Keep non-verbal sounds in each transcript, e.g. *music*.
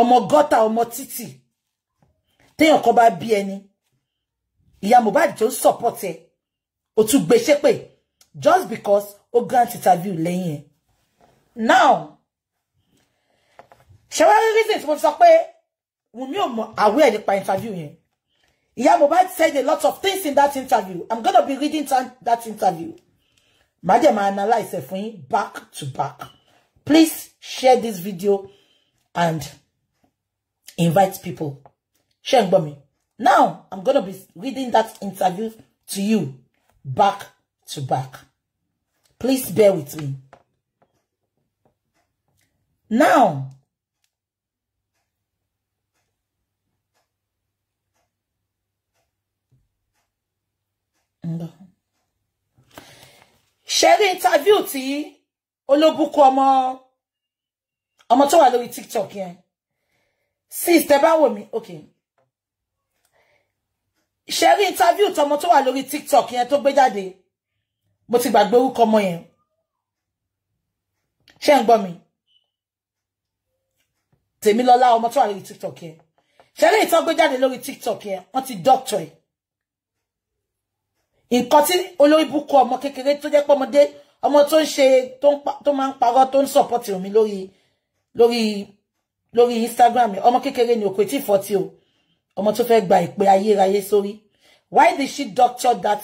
ọmọ gọ́tà ọmọ títì téèyàn kan bá bí ẹni ìyá Mohbad tó ń support ẹ ó tún gbé ṣépè just because ó grant interview lẹ́yìn Now, now ṣẹ́wárí reason to mo fi sọ pé Wunmi ò mọ àwẹ̀ nípa interview yẹn ìyá Mohbad said a lot of things in that interview i'm gonna be reading that interview màá dẹ̀ máa analyse ẹ̀ fún yín back to back please share this video and invite people. Shengbomi. Now, I'm going to be reading that interview to you back to back. Please bear with me. Now, ṣẹ́rí interview tí olóbùkún ọmọ ọmọ tó wà lórí TikTok yẹn. Sister, tẹ́ bá wò okay Sherry, interview tọmọ tó wà lórí tiktok yẹn tó gbé jáde mo ti gbàgbé orúkọ ọmọ yẹn ṣé ń gbọ́ mi tèmi Lola, ọmọ tó wà lórí tiktok yẹn Sherry, rí ìtàn gbé jáde lórí tiktok yẹn wọ́n ti doctor ẹ̀ nǹkan tí olórí búkọ ọmọ kékeré tó jẹ́ pé ọmọdé ọmọ tó ń ṣe tó máa ń parọ́ tó ń support omi lórí lórí lórí Instagram ọmọ kékeré ni òkú etí fọ́tí o ọmọ tó fẹ́ gba ìpè ayérayé sórí why did she doctor that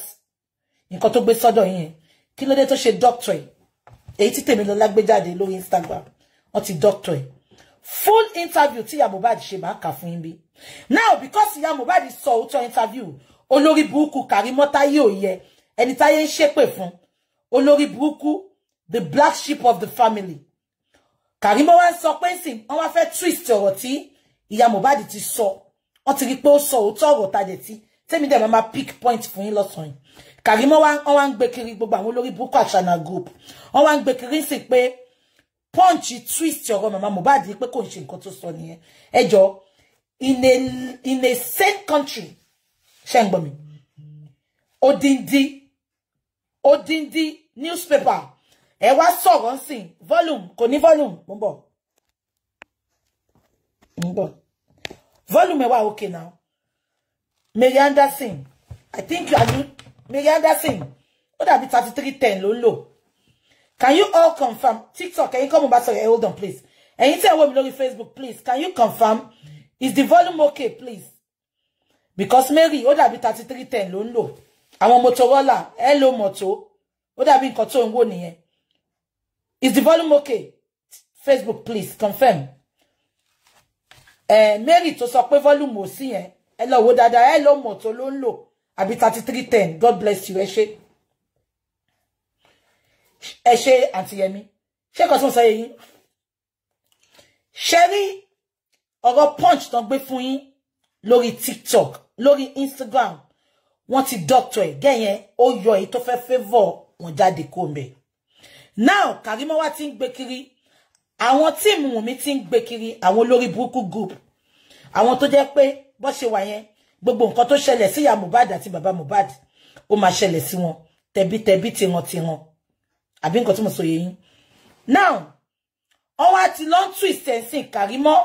nǹkan tó gbé sọ́dọ̀ yẹn kí ló dé tó ṣe doctor ẹ̀ èyí tí tèmi lọ lágbé lórí Instagram wọ́n ti doctor ẹ̀ full interview tí ìyá Mohbad ṣe máa kà fún yín bí now because ìyá Mohbad sọ òótọ́ interview olórí burúkú Karimọ́ Táyé òye ẹni táyé ń ṣépè fún olórí burúkú the black sheep of the family Karimo wá sọ pé nsìn wọ́n wá fẹ́ twist ọ̀rọ̀ tí ìyá Mohbad ti sọ wọ́n ti rí pé ó sọ òótọ́ ọ̀rọ̀ tajẹ̀ tí tèmi dẹ̀ máa pick point fún yín lọ́sàn-án yìí Karimo wá wọ́n wá ń gbé kiri gbogbo àwọn olórí burúkú àṣàna group wọ́n wá ń gbé kiri sí pé punch twist ọ̀rọ̀ màmá Mohbad pé kò ń ṣe nǹkan sọ nìyẹn ẹ in a in a same country ṣe ń mi odindi odindi newspaper ẹ wá sọ̀rọ̀ sí volume koni volume mo ń volume ẹ wá okay now Miranda sing. I think you are Mary sing. Oda bi thirty three ten ló ń lò can you all confirm TikTok can you come back? to hold on please ẹ̀yin tí ẹ̀ wò below lórí Facebook please can you confirm is the volume okay please because Mary Oda bi thirty three ten ló ń lò àwọn Motorola hello moto Oda bi nǹkan tó ń Is the volume okay? Facebook, please confirm. Eh, Mary to sọ pé volume ò sí yẹn. Ẹ lọ wò dáadáa, ẹ lọ mọ̀ tó ló 3310. God bless you, ẹ ṣé. Ẹ ṣé àǹtí Yẹmí. Ṣé say. tún sọ yín. Ṣé rí ọ̀rọ̀ punch tán gbé fún yín lórí TikTok, lórí Instagram. Wọ́n ti doctor ẹ̀ gẹ́yẹn ó yọ èyí tó fẹ́ favor wọn jáde kó ńbẹ̀ now Karimowa ti ń gbé kiri àwọn tíìmù Wùnmí ti ń gbé kiri àwọn olórí burúkú group àwọn tó jẹ́ pé bó ṣe wà yẹn gbogbo nǹkan tó ṣẹlẹ̀ sí ìyá Mohbad àti bàbá Mohbad ó máa ṣẹlẹ̀ sí wọn tẹbítẹbí tiran tiran àbí nǹkan tí mo sọ yé now wọn wá ti lọ twist ẹ̀ sìn Kàrímọ́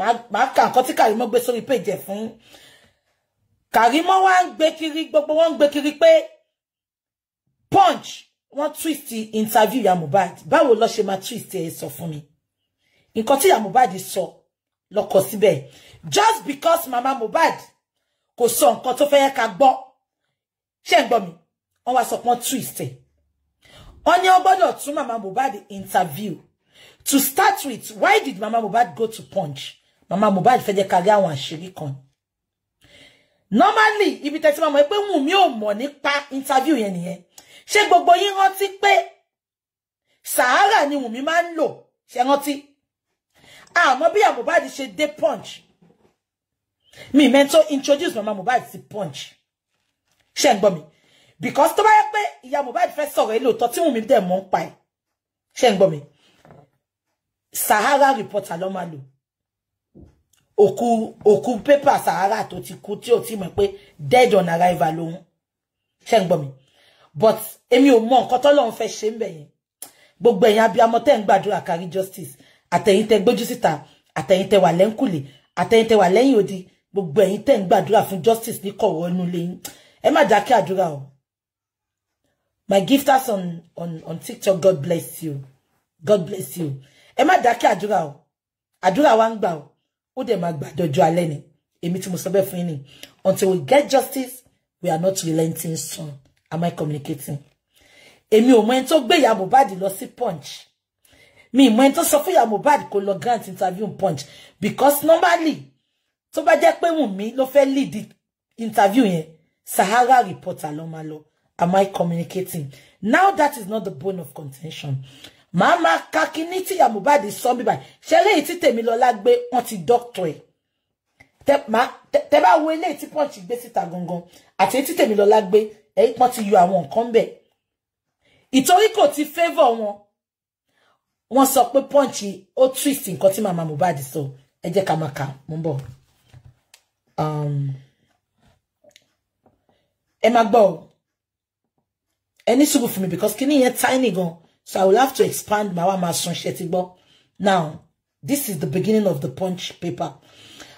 màá kà nǹkan tí Kàrímọ́ gbé sórí péjẹ fún Kàrímọ́ wá ń gbé kiri gbogbo wọn ń kiri pé punch wọ́n twist interview ya Mohbad báwo ló ṣe máa twist ẹ sọ fún mi nǹkan tí ya Mohbad sọ ló kọ síbẹ̀ just because mama Mohbad kò sọ nǹkan tó fẹ́ ká gbọ́ ṣé ń gbọ́ mi wọ́n wa sọ pọ́n twist ẹ̀ wọ́n ní ó mama mubad interview to start with why did mama mubad go to punch mama mubad fe jẹ́ ká rí àwọn àṣírí kan normally ibi tẹ́tí máa mọ̀ pé wùn mí ò mọ̀ nípa interview yẹn nìyẹn ṣé gbogbo yín rántí pé sahara ni Wùmí máa ń lò ṣe rántí àmọ́ bí Mohbad ṣe dé punch mi mento introduce mama Mohbad sí punch ṣe ń mi because tó bá yẹ pé ìyá Mohbad fẹ́ sọ̀rọ̀ ilé òótọ́ tí Wùmí dẹ̀ mọ́ ń ẹ̀ ṣe ń mi sahara reporter ló máa lò òkú òkú pépà sahara tó ti kú tí ò ti mọ̀ pé dead on arrival lòun ṣe ń mi but èmi ò mọ nǹkan tọ́lọ́run fẹ́ ṣe ń bẹ̀ yẹn gbogbo ẹ̀yin abiyamọ tẹ́ ń kárí justice àtẹ̀yin tẹ́ gbójú síta àtẹ̀yin tẹ́ wà lẹ́ńkùlé àtẹ̀yin tẹ́ wà lẹ́yìn odi gbogbo ẹ̀yin tẹ́ ń fún justice ní kọ̀wọ́ inú lẹ́yìn ẹ má dákẹ́ àdúrà o my gifters on on on tiktok god bless you god bless you ẹ má dákẹ́ àdúrà o àdúrà wa ń gbà o ó dẹ̀ máa gbà dọjọ́ alẹ́ èmi tí mo sọ bẹ́ẹ̀ fún ni until we get justice we are not relenting soon. am I communicating èmi ò mọ ẹni tó gbé ìyá Mohbad lọ punch mi mọ ẹni tó sọ fún ìyá Mohbad kó grant interview punch because normally tó bá jẹ́ pé Wùnmí ló fẹ́ lead interview yẹn Sahara reporter ló máa am I communicating now that is not the bone of contention Mama, màmá kakini tí ìyá Mohbad sọ bíbá ṣe léyìí tí Tèmilọ́lá gbé wọn ti doctor ẹ̀ tẹ bá wo eléyìí tí punch gbé síta gangan àti tí Tèmilọ́lá gbé ẹ you ti one come back. bẹ̀ only kò ti favour one. One sọ punchy punch twisting cutting my tí màmá body, sọ ẹ jẹ́ ká Um, kà mọ́ bọ̀ ẹ máa for me, ní sùúrù fún mi because kíní yẹn tiny go, so I will have to expand my wá association. But now this is the beginning of the punch paper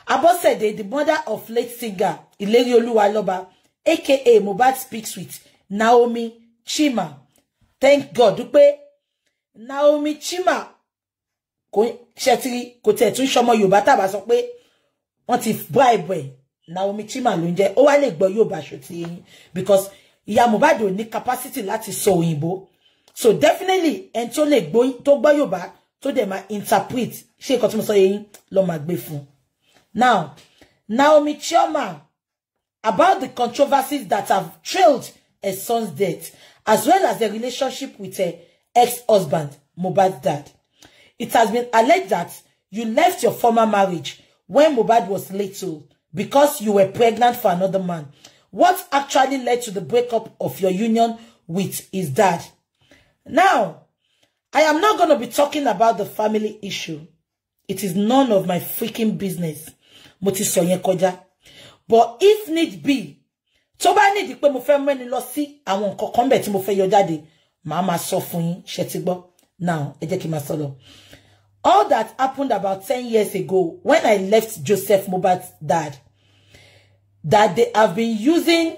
Abosede the mother of late singer Iléyòluwa Loba aka Mohbad speaks with Naomi Chima thank God pé Naomi Chima kò ṣẹtiri kò tẹ̀ tún ṣọmọ Yorùbá tàbá sọ pé wọ́n ti bribe ẹ̀ Naomi Chima ló ń jẹ́ ó wá lè gbọ́ Yorùbá ṣòtì yín because ìyá Mohbad ò ní capacity láti sọ òyìnbó so definitely ẹni tó lè tó gbọ́ Yorùbá tó dẹ̀ máa interpret ṣé nǹkan tí mo sọ yẹn lọ́ọ́ máa gbé fún now Naomi Chioma about the controversies that have trailed her son's death, as well as the relationship with her ex-husband, Mohbad's dad. It has been alleged that you left your former marriage when Mohbad was little because you were pregnant for another man. What actually led to the breakup of your union with his dad? Now, I am not going to be talking about the family issue. It is none of my freaking business. Mo ti sọ but if need be tó bá nídìí pé mo fẹ́ mẹ́ni lọ sí àwọn nǹkan kan bẹ̀ tí mo fẹ́ yọ jáde màá máa sọ fún yín ṣe ti mo fe yo jade maa so fun yin se now eje kí all that happened about ten years ago when I left Joseph Mohbad's dad that they have been using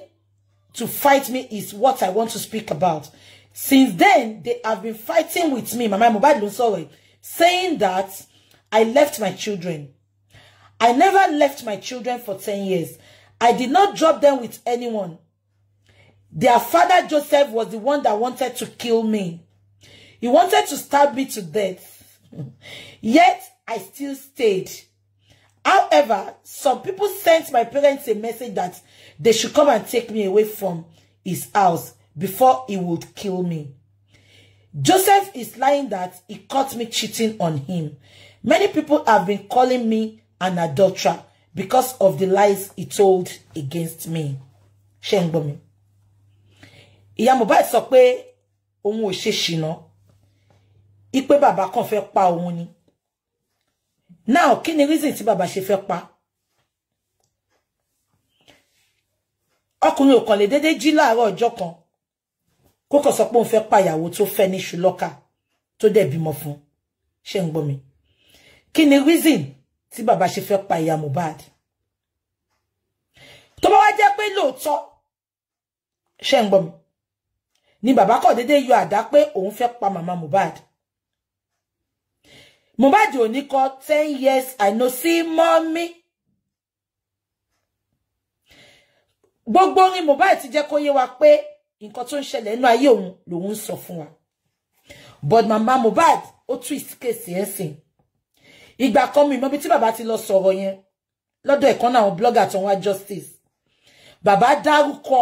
to fight me is what I want to speak about. Since then, they have been fighting with me, Mama Mohbad ló saying that I left my children. I never left my children for 10 years. I did not drop them with anyone. Their father Joseph was the one that wanted to kill me. He wanted to stab me to death. *laughs* Yet, I still stayed. However, some people sent my parents a message that they should come and take me away from his house before he would kill me. Joseph is lying that he caught me cheating on him. Many people have been calling me an adulterer because of the lies he told against me. Ṣé ń gbọ́ mi. Ìyá Mohbad sọ pé òun ò ṣe ṣìnà. Ipe bàbá kan fẹ́ pa òun ni. Now kí ni reason tí bàbá ṣe fẹ́ pa? Ọkùnrin ò kàn lè dédé jí láàárọ̀ ọjọ́ kan. Kó kàn sọ pé òun fẹ́ pa ìyàwó tó fẹ́ ní ṣùlọ́kà tó dẹ̀ bímọ fún. Ṣé ń gbọ́ mi? Kí ni reason tí bàbá ṣe fẹ́ pa ìyá Mohbad tó bá wá jẹ́ pé lóòótọ́ ṣe ń gbọ́ mi ni bàbá kọ̀ déédéé yọ àdá pé òun fẹ́ pa mama Mohbad Mohbad ò ní kọ ten years I know see mommy. gbogbo orin Mohbad ti jẹ́ kó yé wa pé nǹkan tó ń ṣẹlẹ̀ nínú ayé òun lòun ń sọ wa but mama Mohbad o twist case ẹ̀sìn ìgbà kan mi mọ́bi tí bàbá ti lọ sọ̀rọ̀ yẹn lọ́dọ̀ ẹ̀kan náà blogger tó ń justice Baba dárúkọ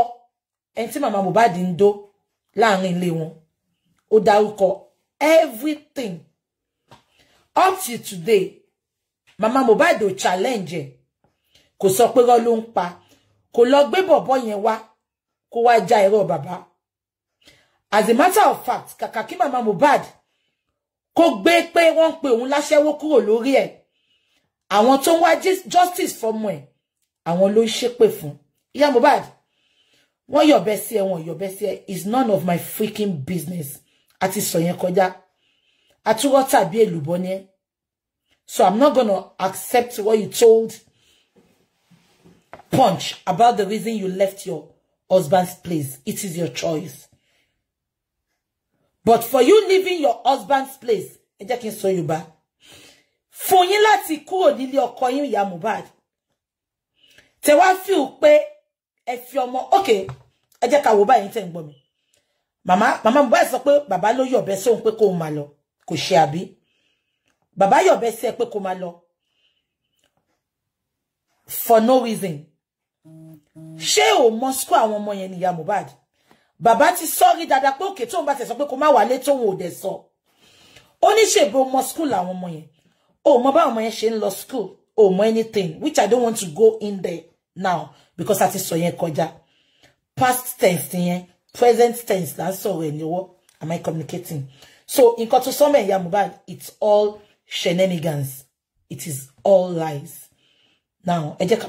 ẹni tí màmá Mohbad ń dó láàrin ilé wọn ó everything up to today mama Mohbad ò challenge ẹ kò sọ pé rọ ló ń pa kò lọ gbé bọ̀bọ̀ yẹn wá kó wá já as a matter of fact kàkà kí màmá kó gbé pé wọ́n ń pe òun láṣẹ́wó kúrò lórí ẹ̀ àwọn tó ń wá justice fọmọ ẹ̀ àwọn ló ń ṣépè fún ìyá bad. wọ́n your best ẹ wọ́n your best ẹ is none of my freaking business àti sọ yẹn kọjá àtúwọ́ tàbí èlùbọ́ ni ẹ so yen koja atuwo tabi elubo ni so i am not gonna accept what you told Punch about the reason you left your husband's place it is your choice But for you leaving your husband's place, ẹ jẹ́ kí n sọ Yorùbá. Fún yín láti kúrò nílé ọkọ yín ìyá Mohbad. Tẹ́ wá feel pé ẹ fi ọmọ okay, ẹ jẹ́ ká wò báyìí tẹ́ ń gbọ́ mi. Màmá màmá Mohbad sọ pé bàbá ló yọ̀bẹ sóhun pé kó máa lọ. Kò ṣe àbí. Bàbá yọ̀bẹ sí ẹ For no reason. Ṣé o mọ a àwọn ọmọ yẹn ni bàbá ti sọ́rí dáadáa pé òkè tóun bá ti sọ pé kó má wálé tóun ò dẹ̀ sọ ó ní ṣèbó mọ school àwọn ọmọ yẹn ó mọ báwọn ọmọ yẹn ṣe ń lọ school ó mọ anything which I don't want to go in there now because a ti sọ yẹn kọjá past tense yẹn present tense That's ń When you níwọ́ am I communicating so nǹkan tó sọ́mọ̀ ẹ̀yà Mohbad it's all shenanigans it is all lies now ẹ jẹ́ ká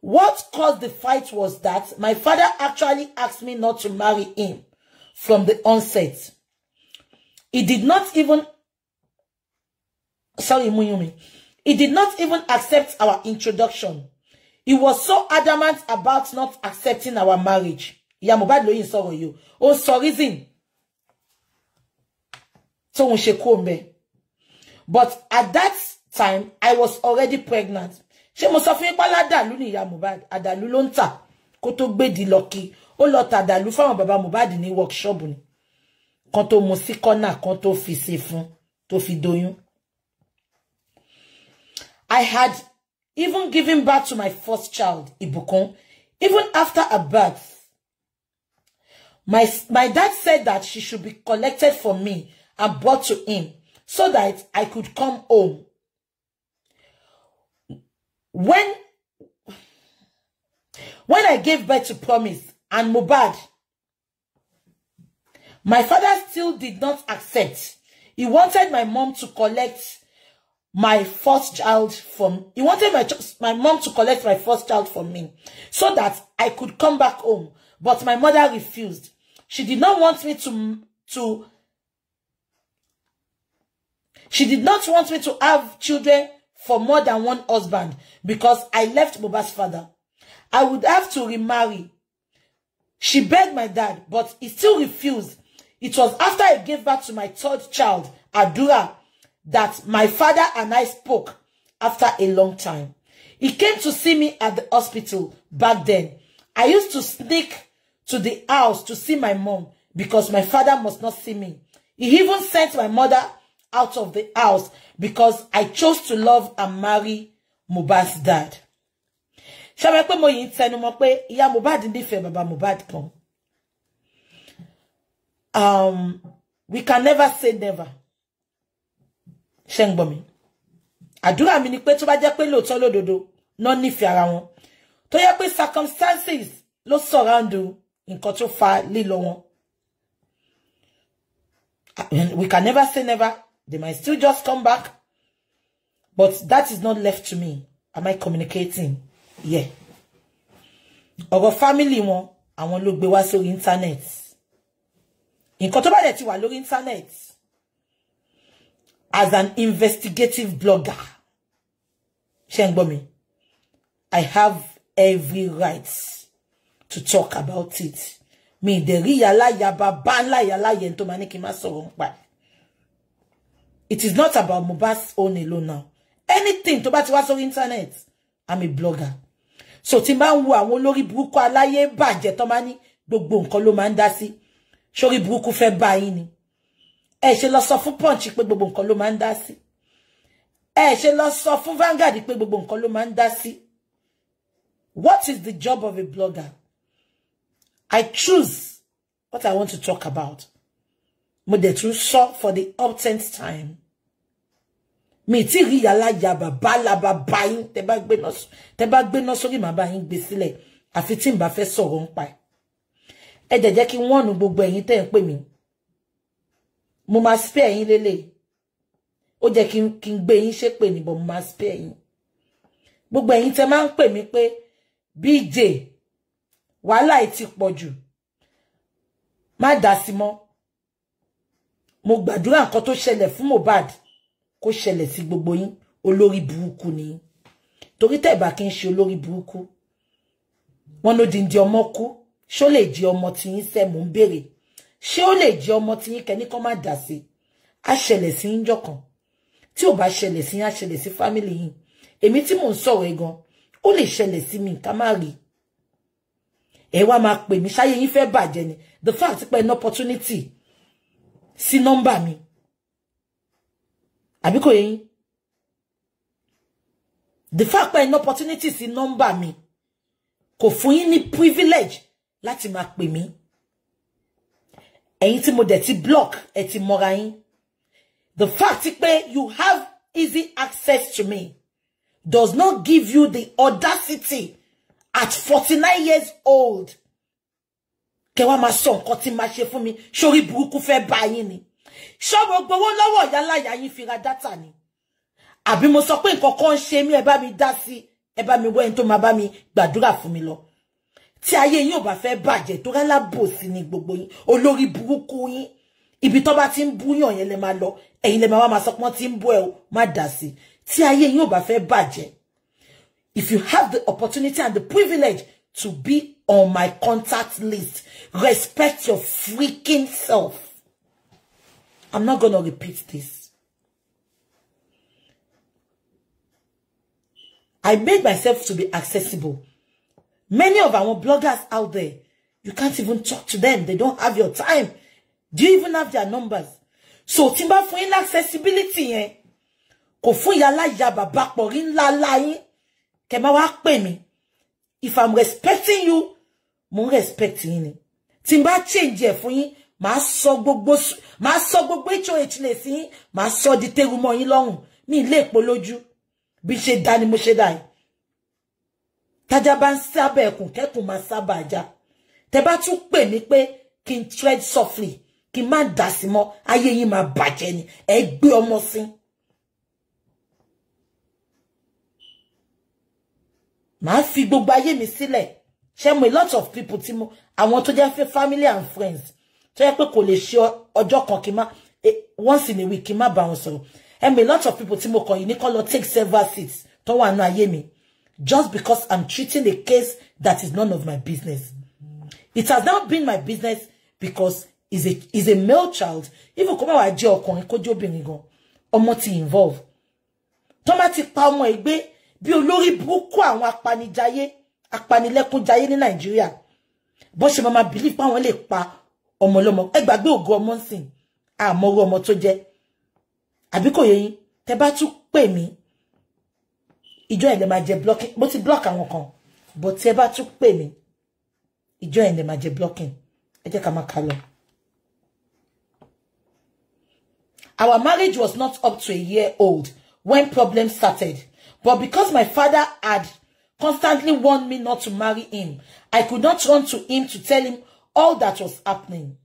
what caused the fight was that my father actually asked me not to marry him from the onset. He did not even, sorry, Muyumi, he did not even accept our introduction. He was so adamant about not accepting our marriage. Ìyá Mohbad ló you. Oh sorry o. Ó sọ reason But at that time, I was already pregnant. ṣé mo sọ fún yín pálá dàlú ní Mohbad àdàlú ló ń tà kó tó gbèdì lọ kí ó lọ tà dàlú fáwọn bàbá Mohbad ní workshop ni kan tó mu sí kọ́nà kan tó fi ṣe fún tó fi doyún. I had even given birth to my first child, Ibukun, even after her birth. My, my dad said that she should be collected for me and brought to him so that I could come home. When, when I gave birth to Promise and Mubad, my father still did not accept. He wanted my mom to collect my first child from he wanted my my mom to collect my first child from me so that I could come back home but my mother refused she did not want me to to she did not want me to have children for more than one husband because I left Boba's father. I would have to remarry. She begged my dad, but he still refused. It was after I gave birth to my third child, Adura, that my father and I spoke after a long time. He came to see me at the hospital back then. I used to sneak to the house to see my mom because my father must not see me. He even sent my mother out of the house because I chose to love and marry Mohbad's dad. Ṣé mo pé mo yìí ń tẹnu mọ́ pé ìyá Mohbad nífẹ̀ẹ́ bàbá Mohbad kan? Um, we can never say never. Sheng bomi adura mi? Àdúrà mi ni pé tó bá jẹ́ to lóòótọ́ lódodo náà nífẹ̀ẹ́ ara wọn. Tó yẹ pé circumstances lo surround nǹkan tó fa lílọ wọn. We can never say never. They might still just come back. But that is not left to me. Am I communicating? Yeah. Ọ̀rọ̀ family wọn, I ló gbé wá sórí internet. In tó bá dẹ̀ ti wà internet. As an investigative blogger. Ṣé ń I have every right to talk about it. Me, the real yàbá bá ban yàlá yẹn tó máa ní kí n It is not about Mohbad's own alone now. Anything tó bá ti wá internet, I'm a blogger. So tí n bá ń wo gbogbo nǹkan ló máa ń dá sí. Sórí burúkú fẹ́ bá yín ni. Ẹ ṣe lọ sọ fún Punch pé gbogbo nǹkan ló sí. Ẹ ṣe lọ sọ fún Vanguard pé gbogbo nǹkan ló ń dá sí. whats the job of a blogger? I choose what I want to talk about. mo dẹ̀ tún sọ for the uptent time mi ti rí aláya bàbá làbà bá yín tẹ bá gbé náà tẹ bá gbé náà sórí màá bá yín gbé sílẹ̀ àfi tí n bá fẹ́ sọ̀rọ̀ ń pa ẹ̀ ẹ dẹ̀ jẹ́ kí wọ́n nu gbogbo ẹ̀yin tẹ́ ń pè mí mo máa spare yín lélẹ̀ ó jẹ́ kí n gbé yín ṣépè níbọ̀ mo máa spare yín gbogbo ẹ̀yin tẹ́ máa ń pè mí BJ wàhálà ti pọ̀ jù má dá sí mo gbàdúrà nǹkan tó ṣẹlẹ̀ fún Mohbad kó ṣẹlẹ̀ sí gbogbo yín olórí burúkú ni torí tẹ̀bà kí n ṣe olórí burúkú wọn ló di di ọmọ kú ṣó lè di ọmọ tí yín sẹ́ mò ń béèrè ṣé ó lè jẹ ọmọ tí yín kẹ́ni kan má dà sí á ṣẹlẹ̀ sí yín jọ̀kan tí ò bá ṣẹlẹ̀ sí yín á ṣẹlẹ̀ sí fámìlì yín èmi tí mò ń sọ̀rọ̀ ẹ̀ gan ó lè ṣẹlẹ̀ sí mi ká má rí ẹ wá máa pè mí ṣáyé yín fẹ́ bàjẹ́ ni the fact pé an opportunity sí number mi àbí kò yẹn the fact pé an opportunity sí number mi kò fún yín ní privilege láti máa pè mí ẹ̀yin tí mo dẹ̀ ti block ẹ̀ ti mọ́ra yín the fact pé you have easy access to me does not give you the audacity at 49 years old kẹ wá sọ tí ṣe fún mi sórí burúkú fẹ́ bá yín ni lọ́wọ́ yín dátà ni àbí mo sọ pé kan mí ẹ bá mi dá sí ẹ bá mi wọ ẹni tó máa bá mi wo to ba mi lọ tí ayé yín ò bá fẹ́ bàjẹ́ tó ni gbogbo yín olórí burúkú yín ibi tó bá yẹn lẹ lọ ẹ̀yin lẹ wá sọ bu eo bú ẹ o má dà sí tí ayé yín ò bá fẹ́ bàjẹ́ if you have the opportunity and the privilege to be on my contact list Respect your freaking self. I'm not going to repeat this. I made myself to be accessible. Many of our bloggers out there, you can't even talk to them. They don't have your time. Do you even have their numbers? So, timba for bá accessibility yẹn. Kò fún ìyá yín. mí. If I'm respecting you, mo respect yín tí n change ẹ̀ fún yín màá sọ gbogbo màá sọ gbogbo HOH lè sí yín màá di tẹ́rù mọ́ yín mi ilé èpo lójú bí ṣe dá ni mo ṣe dá yìí tájá bá ń sábà ẹkùn kẹ́kùn Te ba ajá tẹ bá tún pè tread softly kí n má dà sí mọ́ ayé ni ẹ gbé ọmọ sí. màá fi gbogbo ayé mi sílẹ̀ ṣe mo lot of people tí mo àwọn tó jẹ́ family and friends tó yẹ pé kò lè ṣe ọjọ́ kan kí má eh, once in a week kí n má bá wọn sọ̀rọ̀ a lot of people tí mo kàn ní kọ́ lọ take several seats tó wà nù ayé mi just because I'm treating a case that is none of my business it has now been my business because is a is a male child even kó bá wàá jẹ́ ọkùnrin kó jẹ́ obìnrin gan ọmọ ti involve tó má ti pa ọmọ ẹgbẹ́ bí olórí burúkú àwọn apanijayé apanilẹ́kúnjayé ní Nàìjíríà ṣe believe lè pa ọmọ lọ́mọ ẹ gbàgbé ògo ọmọ nsìn ọmọ tó jẹ́ àbí kò tẹ bá pè mí ìjọ ẹ̀ lè jẹ blocking ti block àwọn kan bó tẹ bá pè mí ìjọ ẹ̀ lè jẹ blocking ẹ jẹ́ ká Our marriage was not up to a year old when problems started. But because my father had constantly warned me not to marry him. I could not run to him to tell him all that was happening.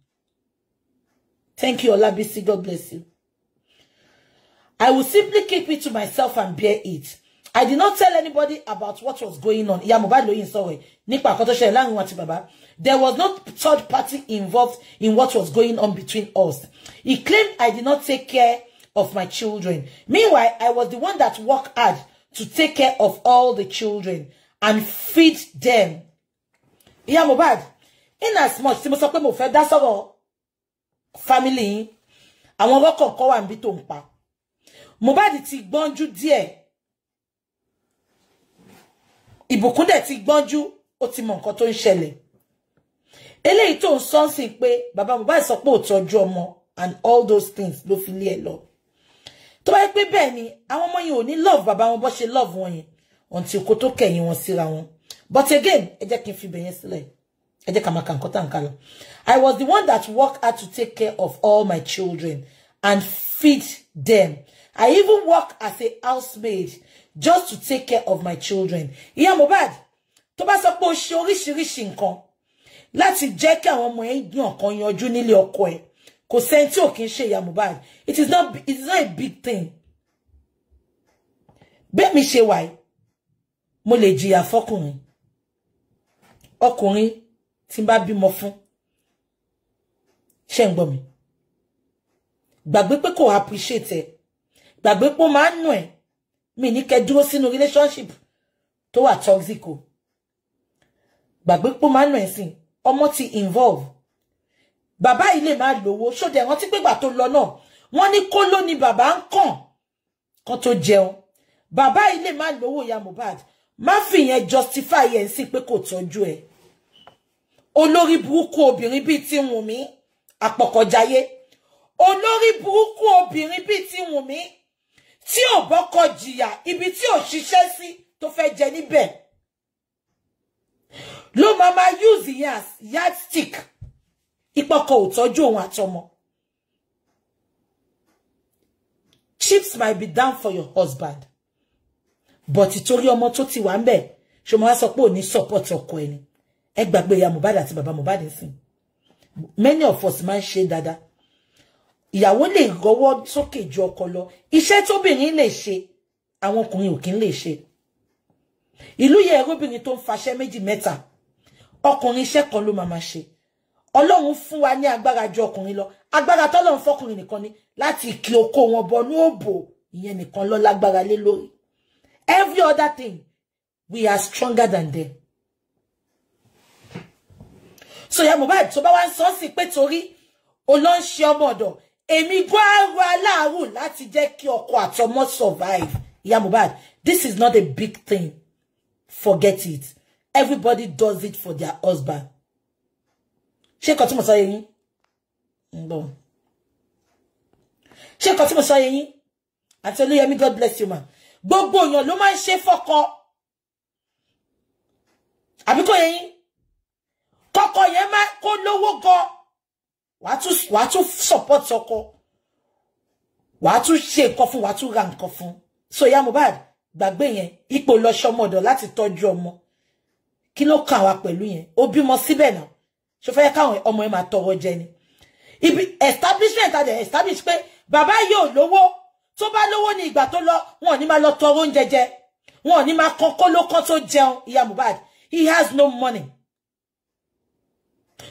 Thank you, Olabisi. God bless you. I will simply keep it to myself and bear it. I did not tell anybody about what was going on. Ìyá Mohbad lóyìn sọ̀rọ̀ nípa àkọ́tọ́ ṣẹlẹ̀ láàrin wọn àti bàbá. There was no third party involved in what was going on between us. He claimed I did not take care of my children. Meanwhile, I was the one that worked hard to take care of all the children and feed them. Yeah, Mohbad, in as much tí mo sọ pé mo fẹ́ dá sọ̀rọ̀ family yín, àwọn ọwọ́ kọ̀ọ̀kan wà níbi tó ń pa. Mohbad ti gbọ́njú díẹ̀. Ìbùkún dẹ̀ ti gbọ́njú, ó ti mọ nǹkan tó ń ṣẹlẹ̀. Eléyìí tó ń sọ́nsìn pé bàbá Mohbad sọ pé ò and all those things ló fi lé ẹ To bá yẹ pé bẹ́ẹ̀ ni àwọn ọmọ yẹn ò ní love Baba wọn bó ṣe love wọn yẹn until kó tó kẹ̀yìn wọn síra wọn but again ẹ jẹ́ kí n fi bẹ̀yẹn sílẹ̀ ẹ jẹ́ ká máa kà nǹkan tá à ń I was the one that worked hard to take care of all my children and feed them. I even work as a housemaid just to take care of my children. Ìyá Mohbad, tó bá sọ pé o ṣe oríṣiríṣi nǹkan láti jẹ́ kí àwọn ọmọ ẹ̀ yàn kan yanjú nílé ọkọ ẹ̀ kò senti tí ò kí ń ṣe it is not it is not a big thing bẹ́ẹ̀ mi ṣe wáyé mo lè jìyà fọkùnrin ọkùnrin tí n bá bímọ fún ṣe ń gbọ́ mi gbàgbé pé kò appreciate ẹ gbàgbé pé ó máa ń mi ní kẹ́ dúró sínú relationship tó wà toxic o gbàgbé pé ó máa ń nù ẹ ti involve Baba bàbá yìí lè máa lówó ṣóde àwọn tí pégbà tó lọ náà wọ́n ní kóló ni Baba ń kàn kan tó jẹun bàbá yìí lè máa lówó ìyá Ma má fìyẹn justify ẹ̀ sí pé kò tọ́jú ẹ̀ olórí burúkú obìnrin bíi ti Wùnmí àpọ̀kọ̀jáyé olórí burúkú obìnrin bíi ti Wùnmí tí ò bọ́kọ jìyà ibi tí ò ṣiṣẹ́ sí tó fẹ́ jẹ níbẹ̀ ló máa máa use yẹn as yardstick ipọkọ ò tọ́jú òun àtọmọ chips might be down for your husband but ìtorí ọmọ tó ti wà ń bẹ̀ ṣe mo wá sọ pé ò support ọkọ ẹni ẹ gbàgbé ìyá Mohbad àti bàbá Mohbad sìn many of us máa ń ṣe dáadáa ìyàwó lè gọwọ́ sókè ju ọkọ lọ iṣẹ́ tóbìnrin lè ṣe àwọn ọkùnrin ò kí ń lè ṣe ìlú yẹ ẹrọbìnrin tó ń faṣẹ́ méjì mẹ́ta ọkùnrin iṣẹ́ kan ló máa máa ọlọ́run fún wa ní agbára ju ọkùnrin lọ agbára tọ́lọ́run fọkùnrin nìkan ni láti ìkì oko wọn bọnú òbò ìyẹn nìkan ló lágbára lé lórí every other thing we are stronger than them. so ya Mohbad tó bá wá ń sọ sí pé torí o ló ń ṣe ọmọ ọ̀dọ̀ èmi gbọ́ àrò aláàrù láti jẹ́ kí ọkọ àtọmọ survive ya Mohbad this is not a big thing forget it everybody does it for their husband ṣé nǹkan tí mo sọ yé yín ń bọ̀ ṣé nǹkan tí mo sọ yé yín àti olúyẹmí god bless you ma gbogbo èèyàn ló máa ń ṣe fọ́kọ àbí kò yé yín kọ́kọ yẹn máa kó lówó gan wàá tún support ọkọ wàá tún ṣe nǹkan fún wàá tún ra nǹkan fún so ìyá Mohbad gbàgbé yẹn ipò lọ sọmọdọ láti tọ́jú ọmọ kí ló kàn wá pẹ̀lú yẹn ó bímọ síbẹ̀ náà ṣe fẹ́ káwọn ọmọ ẹ máa tọwọ́ jẹ ni ibi establishment adẹ establish pé bàbá yóò lówó tó bá lówó ní ìgbà tó lọ wọn ò ní máa lọ tọrọ oúnjẹ jẹ wọn ò ní máa kọ kólókọ tó jẹun ìyá Mohbad he has no money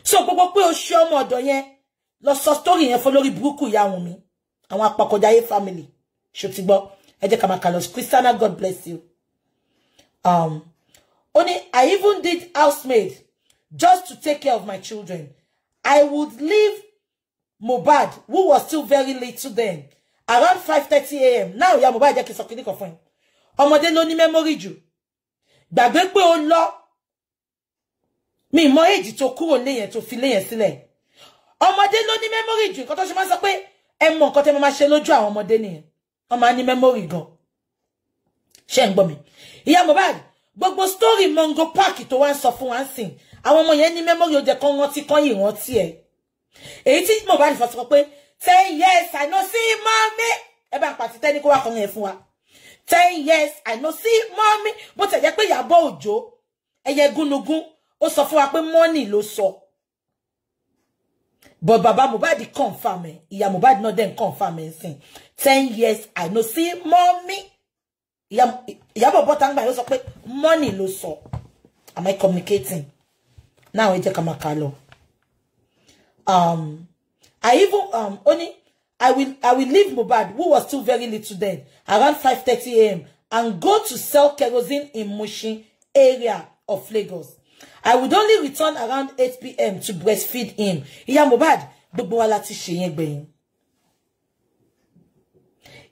so gbogbo pé o ṣe ọmọ ọ̀dọ̀ yẹn lọ sọ story yẹn fún lórí burúkú ìyá wọn mi àwọn apakọjáyé family ṣó ti gbọ́ ẹ jẹ́ ká máa kà Christiana God bless you um only I even did housemaid just to take care of my children. I would leave Mobad, who was still very little then, around 5.30 a.m. Now, ya Mobad jẹ́ kí sọ kíní kan fún yín. Ọmọdé ló ní memory jù. Gbàgbé pé ó lọ. Mi mọ èjì tó kúrò léyẹn tó fi léyẹn sílẹ̀. Ọmọdé ló ní memory jù. Nǹkan tó ṣe máa sọ pé ẹ mọ nǹkan tẹ́ máa ṣe lójú ọmọdé nìyẹn. Wọ́n ní memory go. Ṣé ń gbọ́ mi? Ìyá Mobad, story Mongo Paki, tó wá ń sọ fún wa n so sing àwọn ọmọ yẹn ní memory ó jẹ́ kán rántí kán yìí rántí ẹ̀ èyí tí Mohbad fọ́ sọ pé Say yes, I no see mommy ẹ bá ń pàtí tẹ́ni kó wá kan yẹn fún wa ten years I no see mommy bó tẹ̀ jẹ́ pé Ìyábọ̀ Òjó ẹyẹ gúnugún ó sọ fún wa pé money ló sọ but baba Mohbad confirm ẹ ìyá Mohbad náà dẹ̀ confirm ẹ sìn ten years I no see mommy Ìyábọ̀ bọ́tà ń gbà yóò sọ pé money ló sọ am I communicating? now ẹ jẹ́ ká máa Um, I even um only I will I will leave Mubad who was still very little then around 5:30 a.m. and go to sell kerosene in Mushi area of Lagos. I would only return around 8 p.m. to breastfeed him. Yeah, Mubad gbogbo wa la ti ṣe yẹn gbẹ̀yìn.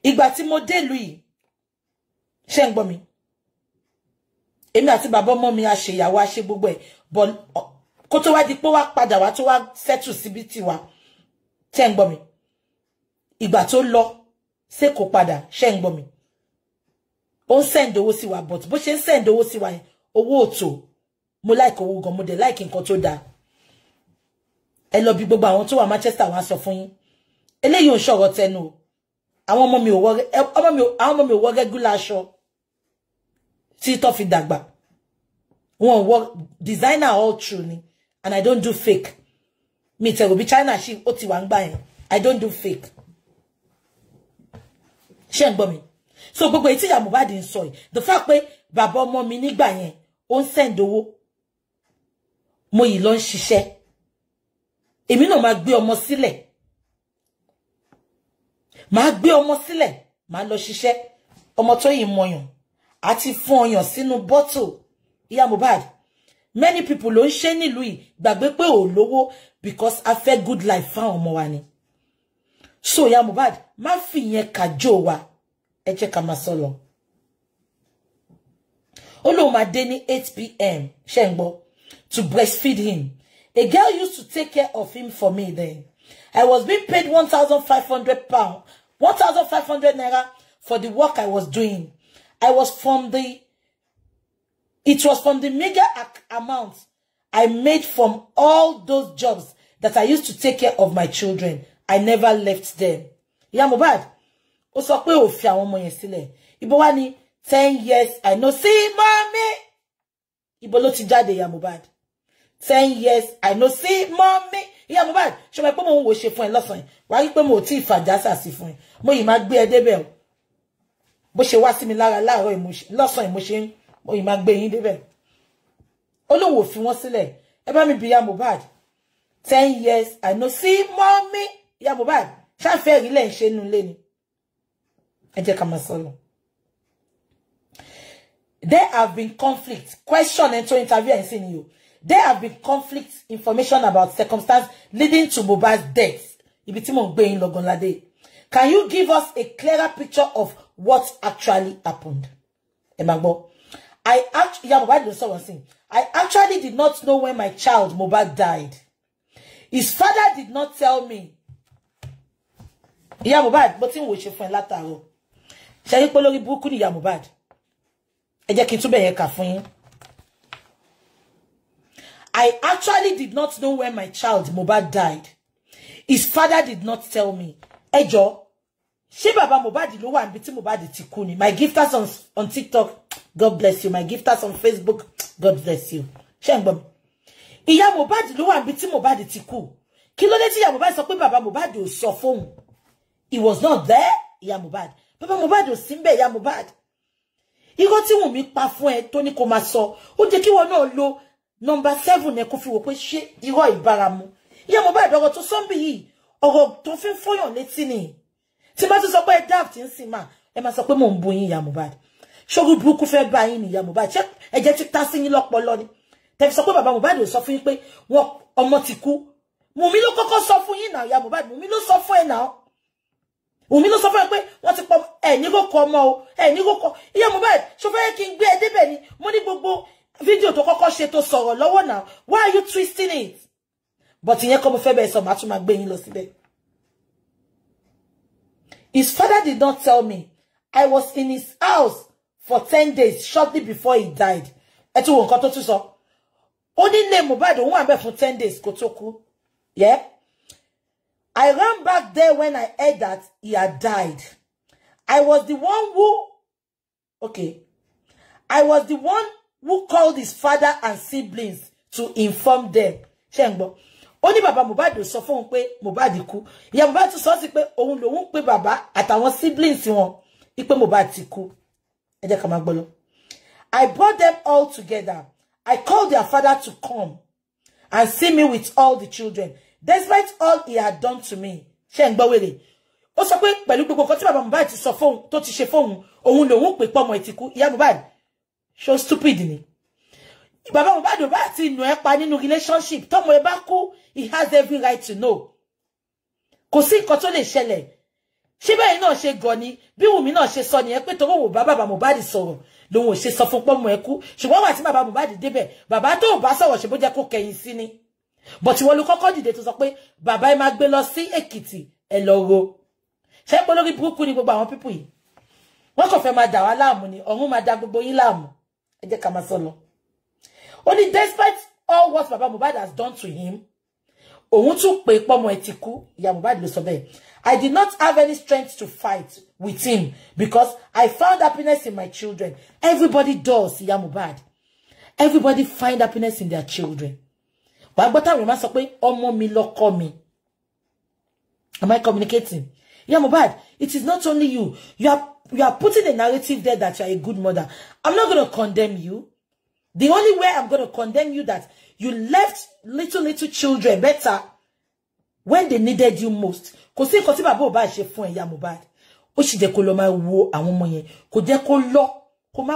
Ìgbà tí mo dé ìlú yìí ṣé emi ati bàbá ọmọ mi àṣeyàwó àṣe gbogbo ẹ̀ bọ̀ uh, kó tó wá di pé wá padà wá tó wá sẹ́tù síbi tiwa tẹ́ ń gbọ́ mi ìgbà tó lọ ṣé kò padà ṣe ń gbọ́ mi ó ń send owó sí wa but bó ṣe ń send owó sí wa yẹn owó òtò mo like owó gan mo dẹ̀ like nǹkan tó dáa ẹ lọ bí gbogbo àwọn tó wà Manchester wá sọ fún yín eléyìí ò ń ṣọ̀rọ̀ tẹnu àwọn ọmọ mi ò wọ àwọn ọmọ mi ò wọ regular aṣọ tí tó fi dàgbà wọn wọ designer all true ni and I don't do fake mi tẹ̀rù bí China ṣì ó ti wà ń gbà yẹn I don't do fake ṣé ń gbọ́ mi so gbogbo èyí tí ìyá Mohbad ń sọ yìí the fact pé bàbá ọmọ mi nígbà yẹn ó ń send owó mo yìí lọ ń ṣiṣẹ́ èmi náà máa gbé ọmọ sílẹ̀ máa gbé ọmọ sílẹ̀ máa lọ ṣiṣẹ́ ọmọ tó yìí mọyàn àti fún yon sínú bottle. ìyá many people ló sheni ṣe nílùú yìí gbàgbé pé because a fẹ́ good life fáwọn ọmọ wa ni so ìyá Mohbad má fìyẹn kàjọ wa ẹ jẹ́ ká máa sọ dé ní eight pm ṣe to breastfeed him a girl used to take care of him for me then I was being paid one thousand five hundred pound one thousand five hundred naira for the work I was doing I was from the, it was from the mega amount I made from all those jobs that I used to take care of my children. I never left them. Yeah, Mohbad, ó sọ pé ó fi àwọn ọmọ yẹn sílẹ̀. Ibo 10 years I know see mommy. Ibo ló ti jáde Ìyá Mohbad. 10 years I know see mommy. Yeah, Mubad. ṣé mo pé mo ń wo ṣe fún ẹ lọ́sàn-án? Wàá rí i si fun mo yii maa gbe e debe bó ṣe wá sí mi lára láàárọ̀ lọ́sàn ìmúṣe mo gbé yín débẹ̀ olówó fi wọ́n sílẹ̀ ẹ bá mi bi ya Mohbad ten years i know see mommy ya Mohbad ṣáfẹ́ ẹ̀rí lẹ́yìn ṣe nínú ilé ni ẹ jẹ́ ká máa sọ̀rọ̀ there have been conflict question ẹ̀ tó interview ẹ̀ sí ni o there have been conflict information about circumstances leading to Mohbad's death ibi tí mò ń gbé yín lọ́gànládé can you give us a clearer picture of what actually happened. Ẹ I actually, yeah, why did someone sing? I actually did not know when my child Mohbad died. His father did not tell me. Yeah, Mohbad, but ti ń wò ṣe fún ẹ látàárọ̀. Ṣé yín pé lórí burúkú ni ìyá Mohbad? Ẹ jẹ́ kí n túbẹ̀ yẹn kà je I actually did not know when my child Mohbad died. His father did not tell me. Ẹ ṣé bàbá Mohbad ló wà níbi tí Mohbad ti kú my gifters on, on TikTok God bless you my gifters on Facebook God bless you ṣé ń ìyá Mohbad ló wà níbi tí Mohbad ti kú kí ló dé tí ìyá Mohbad bàbá Mohbad ò sọ fóun he was not there ìyá Mohbad bàbá Mohbad ò sí ńbẹ̀ ìyá Mohbad irọ́ tí Wùnmí pa fún ẹ tó ní kó máa ó jẹ́ kí wọn lo nọmba seven ne kó fi she Iwa ṣé irọ́ ìbáramu ìyá Mohbad ọ̀rọ̀ tó sọ́ńbì yìí ọ̀rọ̀ tó fi ń létí ni. tí bá tún sọ pé daft ń sìn máa ẹ máa sọ pé mò ń bu yín ìyá Mohbad ṣórí burúkú fẹ́ ba yín ní ìyá Mohbad ṣé ẹ̀jẹ̀ ti ta sí yín lọ́pọlọ ni tẹ̀fi sọ pé bàbá Mohbad ò sọ fún yín pé wọn ọmọ ti kú Wùmí ló kọ́kọ́ sọ fún yín náà ìyá Mohbad Wùmí ló sọ fún ẹ̀ náà Wùmí ló sọ fún ẹ pé wọ́n ti pọ̀ ẹ̀yìn kò kọ ọmọ o ẹ̀yìn kò kọ Ya Mohbad ṣó fẹ́ kí n gbé ẹ débẹ̀ ni mo ní gbogbo fídíò tó kọ́kọ́ ṣe tó sọ̀rọ̀ lọ́wọ́ náà why are you twisting it but ìyẹn kọ́ mo fẹ́ bẹ́ẹ̀ sọ màá tún máa gbé yín lọ síbẹ̀. His father did not tell me. I was in his house for 10 days shortly before he died. Ẹ ti wo sọ. Ó name Mohbad òun wà 10 days kó kú. Yeah. I ran back there when I heard that he had died. I was the one who okay. I was the one who called his father and siblings to inform them ó bàbá Mohbad sọ fóun pé Mohbad kú ìyá Mohbad tún sọ sí pé òun lòun pé bàbá àtàwọn siblings wọn ipe Mohbad ti kú ẹ jẹ́ ká máa gbọ́ lọ. I brought them all together. I called their father to come and see me with all the children despite all he had done to me. ṣé ń gbọ́ wèrè ó sọ pé pẹ̀lú tí bàbá sọ tó ti ṣe fóun òun lòun pè pọ́ ọmọ ìyá ṣó stupid ni Baba, bàbá Mohbad bá ti nù ẹ́ pa nínú relationship tọ́mọ ẹ bá kú he has every right to know kò sí nǹkan tó lè ṣẹlẹ̀ ṣé bẹ́ẹ̀ náà ṣe gan ni bí Wùmí náà ṣe sọ Baba, pé tọwọ́ wò bá bàbá Mohbad sọ̀rọ̀ lòun ò ṣe sọ fún pọ́nmọ ẹ kú ṣùgbọ́n wà tí bàbá Mohbad débẹ̀ bàbá tó bá sọ̀rọ̀ ṣe bó jẹ́ kó kẹ̀yìn sí ni but ìwọ ló kọ́kọ́ dìde tó sọ pé bàbá ẹ máa gbé lọ sí Èkìtì ẹ lọ ro ṣé pé lórí burúkú ni gbogbo àwọn pípù yìí wọ́n kàn fẹ́ máa dà wá láàmú ni ọ̀run máa da gbogbo yín láàmú ẹ jẹ́ ká máa sọ lọ. Only despite all what baba bad has done to him I did not have any strength to fight with him because I found happiness in my children everybody does ìyá bad. everybody find happiness in their children wàá gbọ́ I ọmọ am I communicating ìyá it is not only you you are you are putting a narrative there that you are a good mother I'm not gonna condemn you the only way I'm going to condemn you that you left little, little children better when they needed you most. Because sí nǹkan tí bàbá ò bá ṣe fún ẹ̀yà Mohbad. Ó sì jẹ́ kó lọ wo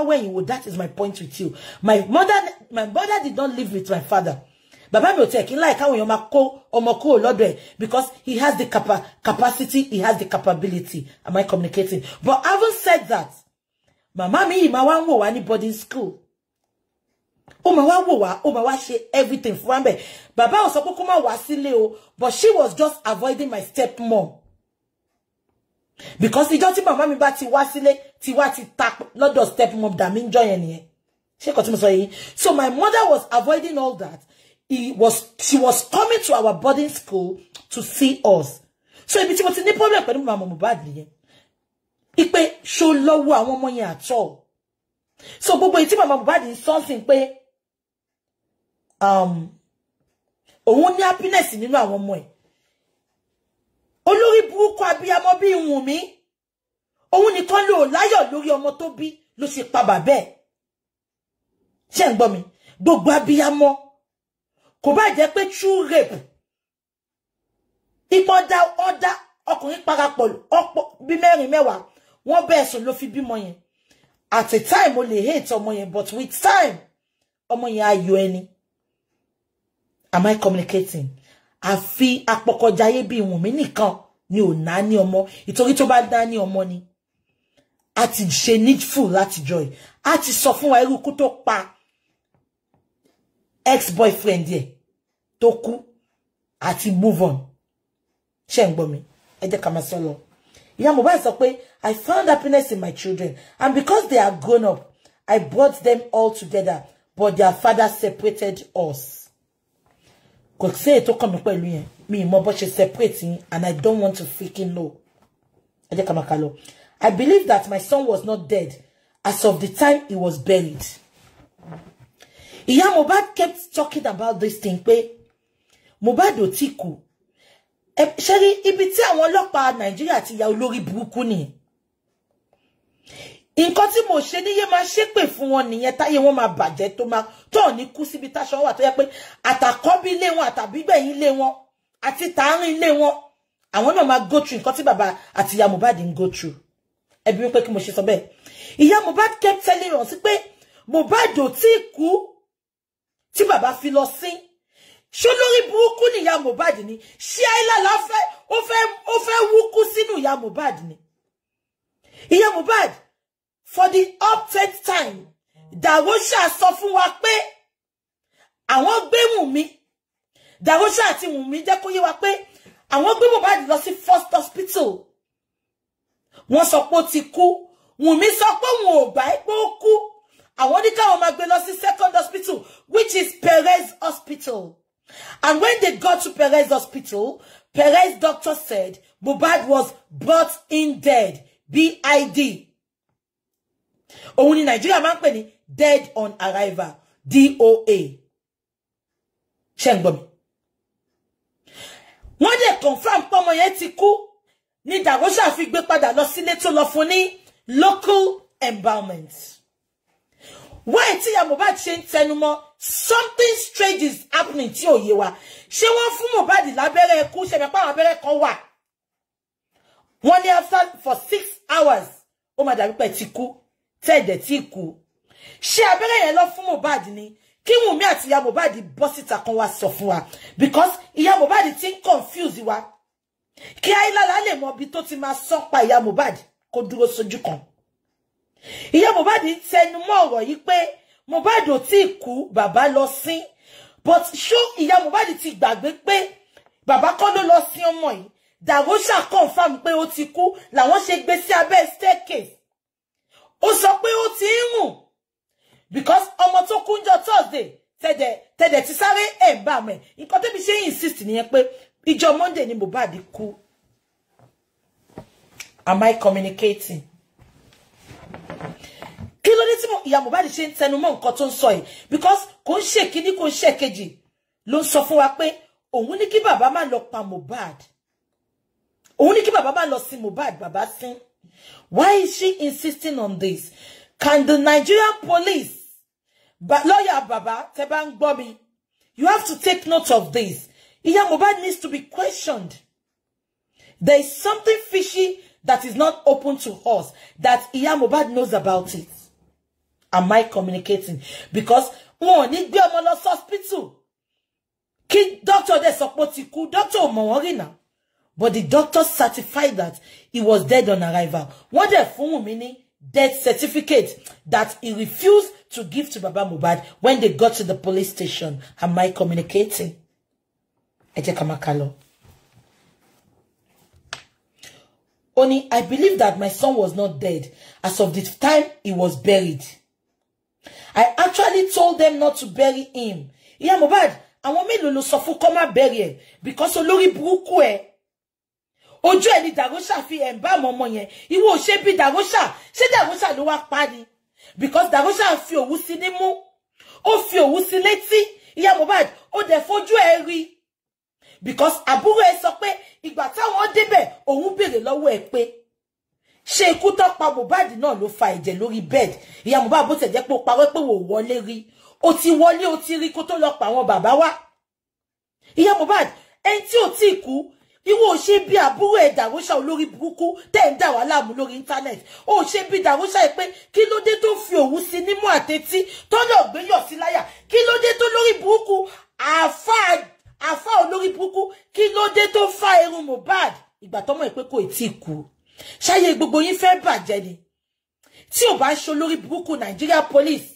That is my point with you. My mother, my mother did not live with my father. But mi ò take like how you èèyàn máa kó ọmọ because he has the capa capacity, he has the capability. Am I communicating? But I haven't said that, màmá mi my one wò anybody in school ó máa wá wò wá ó máa wá ṣe everything fún wa bẹ́ẹ̀ o wa everything for wa baba was so wa Leo, but she was just avoiding my stepmom because ìjọ tí màmá mi bá ti wá sílé tí wá ti Not just stepmom that mean join yẹn She ṣé kò sọ so my mother was avoiding all that he was she was coming to our boarding school to see us so ibi tí mo ti the problem pẹ̀lú màmá Mohbad nìyẹn ipe love, lọ́wọ́ àwọn ọmọ yẹn at all so gbogbo ìtí màmá Mohbad ń sọ́nsìn pé um, òun ní happiness nínú àwọn ọmọ ẹ̀ olórí burúkú abiyamọ bí Wùnmí òun nìkan ló láyọ̀ lórí ọmọ tó bí ló ṣe pa bàbá ẹ̀ ṣé ń gbọ́ mi gbogbo abiyamọ jẹ́ pé true rape ipò ọ̀dà ọ̀dà ọkùnrin parapọ̀ ọ̀pọ̀ bí mẹ́rin mẹ́wàá wọ́n so ló fi bímọ yẹn at a time only hate ọmọ yẹn but with time ọmọ are you any? am I communicating àfi apọkọjáyé bí ìwọ̀n mi nìkan ni ò ná ní ọmọ ìtorí tó bá dá ní ọmọ ni a ti needful láti joy ati ti sọ fún wa irú ikú pa ex-boyfriend ye toku ati move on she ń ede mi ẹ Ìyá Mohbad sọ pé I found happiness in my children and because they are grown up I brought them all together but their father separated us. Kò sí èyí tó kàn mí pẹ̀lú yẹn mi ì mọ bó and I don't want to freaking know. Ẹ jẹ́ ká máa I believe that my son was not dead as of the time he was buried. Ìyá Mohbad kept talking about this thing pé Mohbad ò tí kú ṣe rí ibi tí àwọn ọlọ́pàá nàìjíríà ti ya olórí burúkú nìyẹn nǹkan tí mo ṣe níyé máa ṣépè fún wọn nìyẹn táyé wọn máa bàjẹ́ tó máa tó ní kú síbi táṣọ wà tó yẹ pé àtàkọ́bí ilé wọn àtàbígbẹ̀yìn ilé wọn àti tààrin ilé wọn àwọn náà máa go through nǹkan tí bàbá àti ìyá Mohbad ń go through ẹbí wípé kí mo ṣe sọ bẹ́ẹ̀ ìyá Mohbad kept telling us pé Mohbad ò tí ì kú tí bàbá fi lọ sin ṣó lórí burúkú ni ìyá Mohbad ni ṣé àìlàlà ó fẹ́ wúkú sínú ìyá Mohbad ni ìyá Mohbad for the uptake time dàrósà sọ fún wa pé àwọn gbé Wùnmí dàrósà àti Wùnmí jẹ́ kó yé wa pé àwọn gbé Mohbad lọ sí first hospital wọ́n sọ pé ó ti kú Wùnmí sọ pé òun ò bá pé ó kú àwọn ní máa gbé lọ sí second hospital which is Perez hospital. And when they got to Perez Hospital, Perez doctor said Mohbad was brought in dead, B-I-D. Òun Nigeria man kweni dead on arrival, DOA. Ṣé ń gbọ́ mi? Wọ́n dẹ̀ confam pọ́mọ yẹn ti kú ní Dàgọ́ṣà fi gbé padà lọ local embalment. Wáyé tí ìyá Mohbad ṣe ń tẹnumọ́ something strange is happening tí ò yé wa ṣé wọ́n fún Mohbad lábẹ́rẹ́ ikú ṣẹ̀mẹ̀ pàwọn abẹ́rẹ́ kan wà wọ́n ní after for six hours ó da dàbí pé ti kú tẹ́ẹ̀dẹ̀ tí kú ṣé abẹ́rẹ́ yẹn lọ fún Mohbad ni kí Wùnmí àti ìyá Mohbad bọ́ síta kan wá sọ fún wa because ìyá Mohbad ti ń confuse wa kí ayélujára lè mọ ibi tó ti máa sọ pa ìyá Mohbad kó dúró sójú kan ìyá Mohbad ń tẹnu mọ́ ọ̀rọ̀ yìí pé Mohbad ò tí ì kú bàbá lọ sin but ṣó ìyá Mohbad ti gbàgbé pé bàbá kọ́ ló lọ sin ọmọ yìí dàgóṣà confam pé ó ti kú làwọn ṣe gbé sí abẹ́ staircase ó sọ pé ó ti ń rùn because ọmọ tó kú njọ́ Thursday tẹ̀dẹ̀ tẹ̀dẹ̀ ti sáré ẹ̀ ń bà mẹ́ nǹkan tẹ́bi ṣe insist nìyẹn pé ìjọ Monday ni Mohbad kú am I communicating? kí ló dé tí ìyá Mohbad ṣe ń tẹnu mọ́ nǹkan tó sọ because kò ṣe kíní kò ṣe kejì ló ń sọ fún wa pé òun ní kí bàbá má lọ pa Mohbad òun ní kí bàbá má lọ sin Mohbad bàbá sin why is she insisting on this can the Nigerian police ba lawyer bàbá tẹ́ bá ń mi you have to take note of this ìyá Mohbad needs to be questioned there is something fishy that is not open to us that ìyá Mohbad knows about it. Am I communicating? Because wọn ò ní gbé ọmọ lọ hospital. Kí doctor dey support ikú, doctor ò mọ̀ wọ́n But the doctor certified that he was dead on arrival. What the fún meaning? death certificate that he refused to give to Baba Mubad when they got to the police station. Am I communicating? Ẹ I believe that my son was not dead as of the time he was buried. I actually told them not to bury him. Ìyá Mohbad, àwọn mélòó ló sọ fún kó má bury ẹ̀ because olori buku eh. Ojú ẹ̀ ni fi emba momo bá Iwo ọmọ yẹn. Ìwọ ò ṣe bí Dàgóṣà. Ṣé Because Dàgóṣà fi òwú sí nímú. Ó fi òwú sí létí. Ìyá Mohbad, O dẹ̀ fojú ẹ̀ Because àbúrò ẹ̀ sọ pé ìgbà táwọn débẹ̀ òun béèrè lọ́wọ́ ẹ̀ ṣé ikú tó pa Mohbad náà ló fa ẹ̀jẹ̀ lórí bed ìyá Mohbad bó tẹ̀jẹ́ pé ó parọ́ pé wò wọlé rí o ti wọlé o ti rí kó tó lọ pa àwọn bàbá wa ìyá Mohbad ẹni tí ò tí ì kú ìwọ ò ṣe bí àbúrò ẹ̀ dàrúṣà olórí burúkú tẹ́ ń dà wá láàmú lórí íńtánẹ́ẹ̀tì ó ṣe bí dàrúṣà ẹ̀ pé kí ló dé tó fi òwú sí nímú àtẹ́tí tọ́lọ̀ gbéyọ̀ sí láyà kí ló dé tó lórí burúkú àfa olórí burúkú kí ló dé tó fa irun Mohbad ìgbà tọ́mọ̀ ẹ̀ pé kò tí kú. gbogbo yín fẹ́ bàjẹ́ ni tí ò bá Nigeria police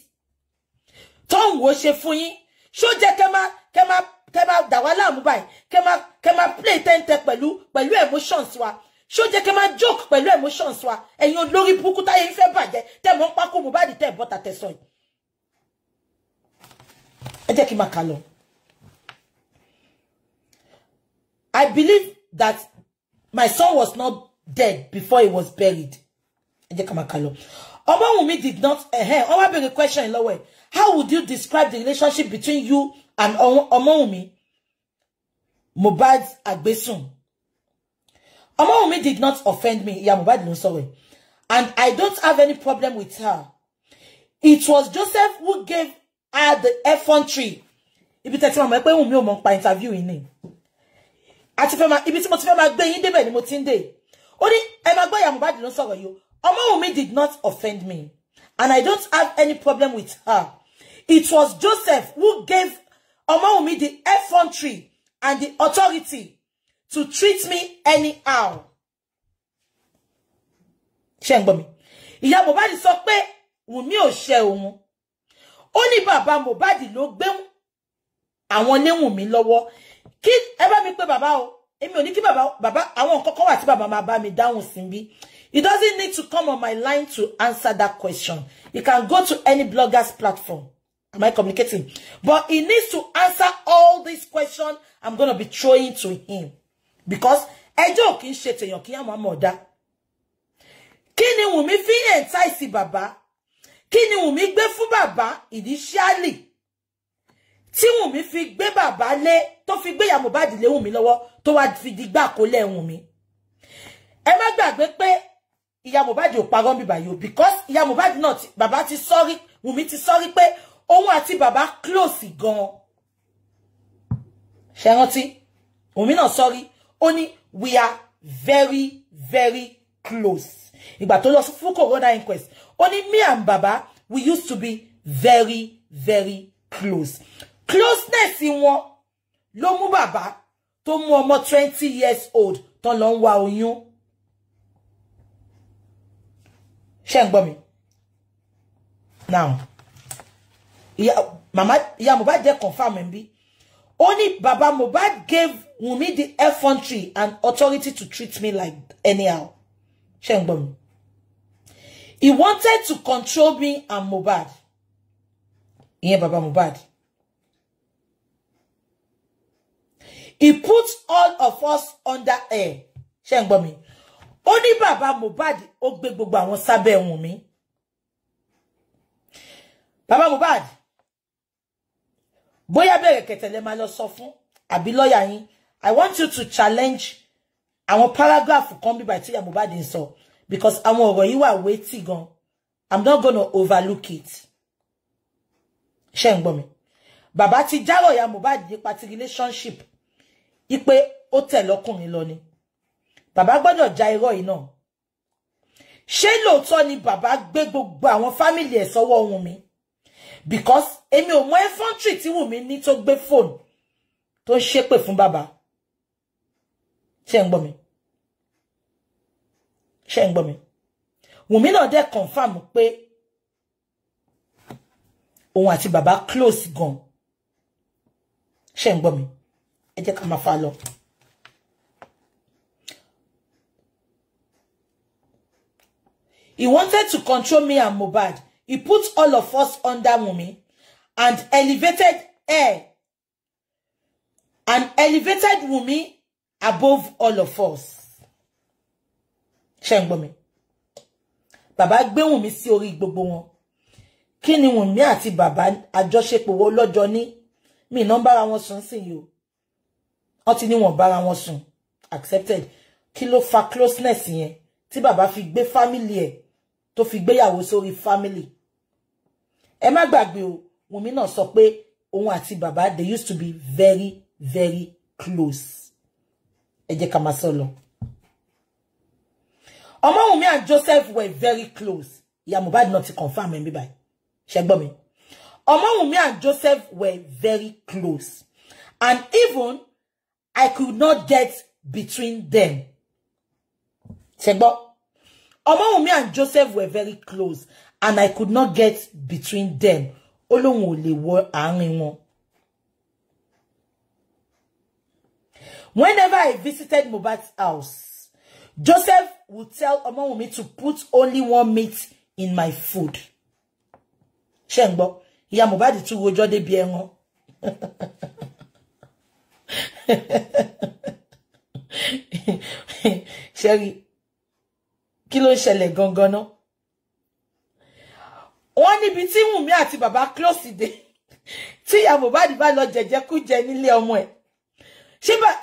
wo ṣe fún yín ṣó jẹ́ kẹ́ kẹ́ kẹ́ dà wá láàmú kẹ́ kẹ́ play tẹ́ńtẹ́ pẹ̀lú pẹ̀lú emotions wa ṣó jẹ́ kẹ́ joke pẹ̀lú emotions wa ẹ̀yin yín fẹ́ bàjẹ́ tẹ̀ mọ́ tẹ̀ bọ́ta ẹ jẹ́ kí I believe that my son was not dead before he was buried. Obawumi did not, eh, Owa beg a question in way. How would you describe the relationship between you and Obawumi? Mubad Agbesun. Obawumi did not offend me. Yeah, Mubad no sorry. And I don't have any problem with her. It was Joseph who gave her the effrontery. Ibi tẹ́tí mọ̀ pé i ò going to interview yìí ni. Àti fẹ́ máa, ibi tí mo ti fẹ́ máa ó ní ẹ máa gbọ́ ìyá Mohbad ló ń sọ̀rọ̀ yìí o ni e maa gbo iya mohbad lo did not offend me and I don't have any problem with her it was Joseph who gave umi the effrontery and the authority to treat me anyhow ṣé ń gbọ́ mi ìyá Mohbad sọ pé Wùmí ò ṣe òun ó ní bàbá Mohbad ló gbé àwọn léwùn mi lọ́wọ́ kí ẹ bá mi pé bàbá o èmi bàbá bàbá àwọn wà tí bàbá bá mi bí he doesn't need to come on my line to answer that question he can go to any blogger's platform am I communicating but he needs to answer all these questions I'm gonna be throwing to him because ẹjọ́ ò kì í ṣe tèèyàn kí àwọn ọmọ ọ̀dá kí ni fi entice bàbá kí ni Wùnmí gbé fún bàbá initially tí Wùnmí fi gbé bàbá lé tó fi gbé ya Mohbad lé Wùnmí lọ́wọ́ tó wá fi di gbà kó lé Wùnmí ẹ má gbàgbé pé ìyá Mohbad ò parọ́ because ìyá Mohbad náà bàbá ti sọ́rí Wùnmí ti sorry pé òun àti bàbá close gan-an ṣe rántí Wùnmí náà sọ́rí we are very very close ìgbà tó lọ fún corona inquest Only me and bàbá we used to be very very close closeness wọn ló mú bàbá tó mú ọmọ twenty years old tán lọ ń wá oyún ṣé ń mi now ìyá màmá ìyá Mohbad jẹ́ confam ẹ̀ ń bí ó ní bàbá Mohbad gave Wunmi the effrontery and authority to treat me like anyhow ṣé ń mi he wanted to control me and Mohbad ìyẹn bàbá Mohbad He put all of us under air. Ṣé ń gbọ́ mi? Ó ní bàbá Mohbad ó gbé gbogbo àwọn sábẹ́ ẹ̀wọ̀n mi. Bàbá Mohbad bóyá bẹ̀rẹ̀ kẹtẹ̀lẹ́ máa lọ sọ fún àbí lọ́ọ̀yà yín. I want you to challenge àwọn paragraph kan bíbà by ìyá Mohbad ń sọ because àwọn ọ̀rọ̀ yìí wà weighty gan. I'm not going to overlook it. Ṣé ń gbọ́ mi? Bàbá ti járọ̀ ìyá Mohbad nípa ti relationship wípé ó tẹ̀ lọ́kùnrin lọ ni Baba gbọ́dọ̀ ja irọ́ yìí náà ṣé lóòótọ́ ni Baba gbé gbogbo àwọn fámìlì ẹ̀ sọ́wọ́ Wùnmí because èmi ò mọ infantry tí Wùnmí ní tó gbé fóònù tó ń ṣépè fún bàbá ṣé ń gbọ́ mi ṣé ń gbọ́ mi Wùnmí náà dẹ̀ confam pé òun àti bàbá close gan ṣé ń mi ẹ jẹ́ ká máa fa lọ. He wanted to control me and Mohbad. He put all of us under Mummy, and elevated her and elevated Mummy above all of us. Ṣé ń gbọ́ mi? Bàbá gbé Wunmi sí orí gbogbo wọn. Kí ni Wunmi àti bàbá àjọṣepọ̀ wo lọ́jọ́ ní? Mi ì nọ́mbára wọn sùn sí yìí o wọ́n ti ní wọ́n bára wọn sùn accepted kí ló fa closeness yẹn tí bàbá fi gbé family ẹ̀ tó fi gbéyàwó sórí family ẹ má gbàgbé o Wùnmí náà sọ pé òun àti bàbá they used to be very very close ẹ jẹ́ ká máa sọ lọ ọmọ Wùnmí and Joseph were very close ìyá Mohbad náà ti confam ẹ̀ mi báyìí ṣe gbọ́ mi ọmọ Wùnmí and Joseph were very close and even I could not get between them. Sebo, Ṣẹgbọ́. Ọmọwùmí and Joseph were very close and I could not get between them. Olóhùn ò lè Whenever I visited Mubat's house, Joseph would tell Omowumi to put only one meat in my food. Ṣé ń gbọ́, ìyá two tún rojọ́ débi *laughs* ṣẹ́rí *laughs* kí ló ń ṣẹlẹ̀ gangan náà wọ́n níbi tí Wùnmí àti bàbá close dé tí ìyá Mohbad bá lọ jẹjẹkújẹ nílé ọmọ ẹ̀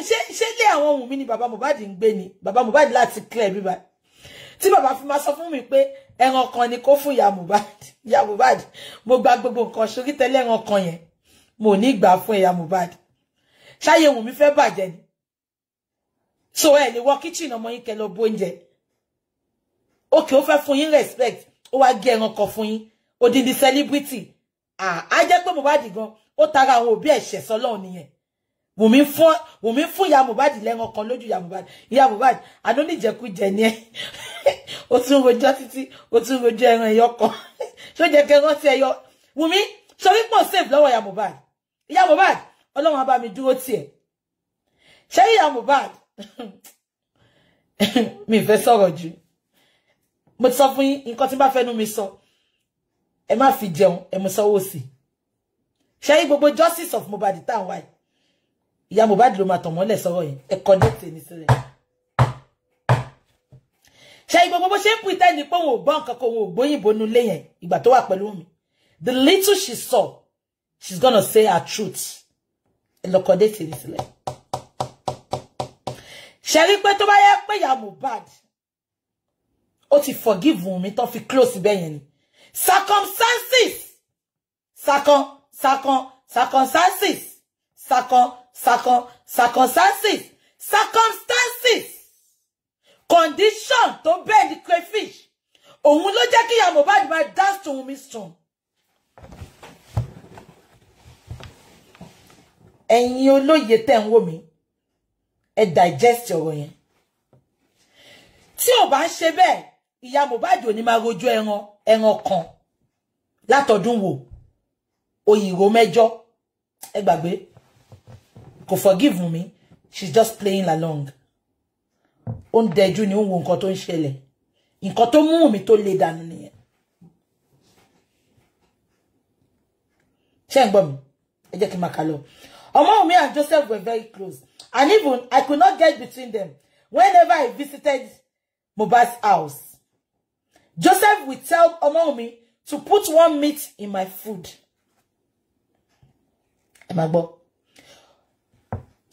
ṣé ṣé lé àwọn Wùnmí ni bàbá Mohbad ń gbé ni bàbá Mohbad láti clear bíbá tí bàbá fi máa sọ fún mi pé ẹran kan ni kó fún ìyá Mohbad ìyá Mohbad mo gba gbogbo nǹkan sórí tẹ́lẹ̀ ẹran kan yẹn mo ní gbà fún ìyá Mohbad ṣáyé wùn mí fẹ́ bàjẹ́ ni so ẹ lè wọ kitchen ọmọ yín kẹ lọ bó oúnjẹ òkè ó fẹ́ fún yín respect ó wá gé ẹran kan fún yín odindi celebrity á jẹ́ pé Mohbad gan o tara àwọn òbí ẹ̀ṣẹ̀ sọ́lọ́run nìyẹn wùmí ya wùmí fún ìyá Mohbad lẹ́ran ya lójú ìyá Mohbad ìyá Mohbad àdóníjẹkújẹ ni ẹ o *laughs* tún rojọ́ títí o tún rojọ́ ẹran ẹyọ kan *laughs* ṣó jẹ́ kẹrántí ẹyọ wùmí sọ wípé ó save lọ́wọ́ ìyá Mohbad ìyá Mohbad ọlọ́run á bá mi dúró tiẹ̀ ṣé ìyá Mohbad *laughs* mi fẹ́ sọ̀rọ̀ jù mo sọ fún yín nǹkan tí bá fẹ́ nu mi sọ ẹ má fi jẹun ẹ mú sanwó sí ṣé gbogbo justice of Mohbad tá à ń wáyé ìyá Mohbad ló máa tàn mọ́lẹ̀ sọ̀rọ̀ yẹn ẹ connect ẹni sílẹ̀ ṣe ìgbogbo bó ṣe ń pretend pé òun ò gbọ́ nǹkan kan òun ò gbóyìnbó nu ilé yẹn ìgbà tó wà pẹ̀lú mi the little she saw she's gonna say her truth lọ́kọ̀dé tìrì sílẹ̀ ṣe rí pé tó bá yẹ pé ìyá Mohbad ó ti forgive Wunmi tó fi close bẹ́ẹ̀ yẹn ni circumstances circum circum circumstances circum circum circumstances circumstances condition tó bẹ́ẹ̀ ni crayfish òun ló jẹ́ kí ìyá Mohbad máa dance to Wunmi song. And you know you wò mí ẹ digest ọ̀rọ̀ tí ò bá ṣe ìyá Mohbad ò ní máa rojú ẹran ẹran kan látọdún wò òyìnbó mẹ́jọ ẹ gbàgbé kò forgive me she's just playing along ó ń dẹjú ni ó ń wo le dànù nìyẹn ṣé ń gbọ́ mi ẹ jẹ́ kí n sele to mu mi to le danu niyen se mi e je ki ka lo among me and Joseph were very close. And even, I could not get between them. Whenever I visited Mubad's house, Joseph would tell me to put one meat in my food. Ẹ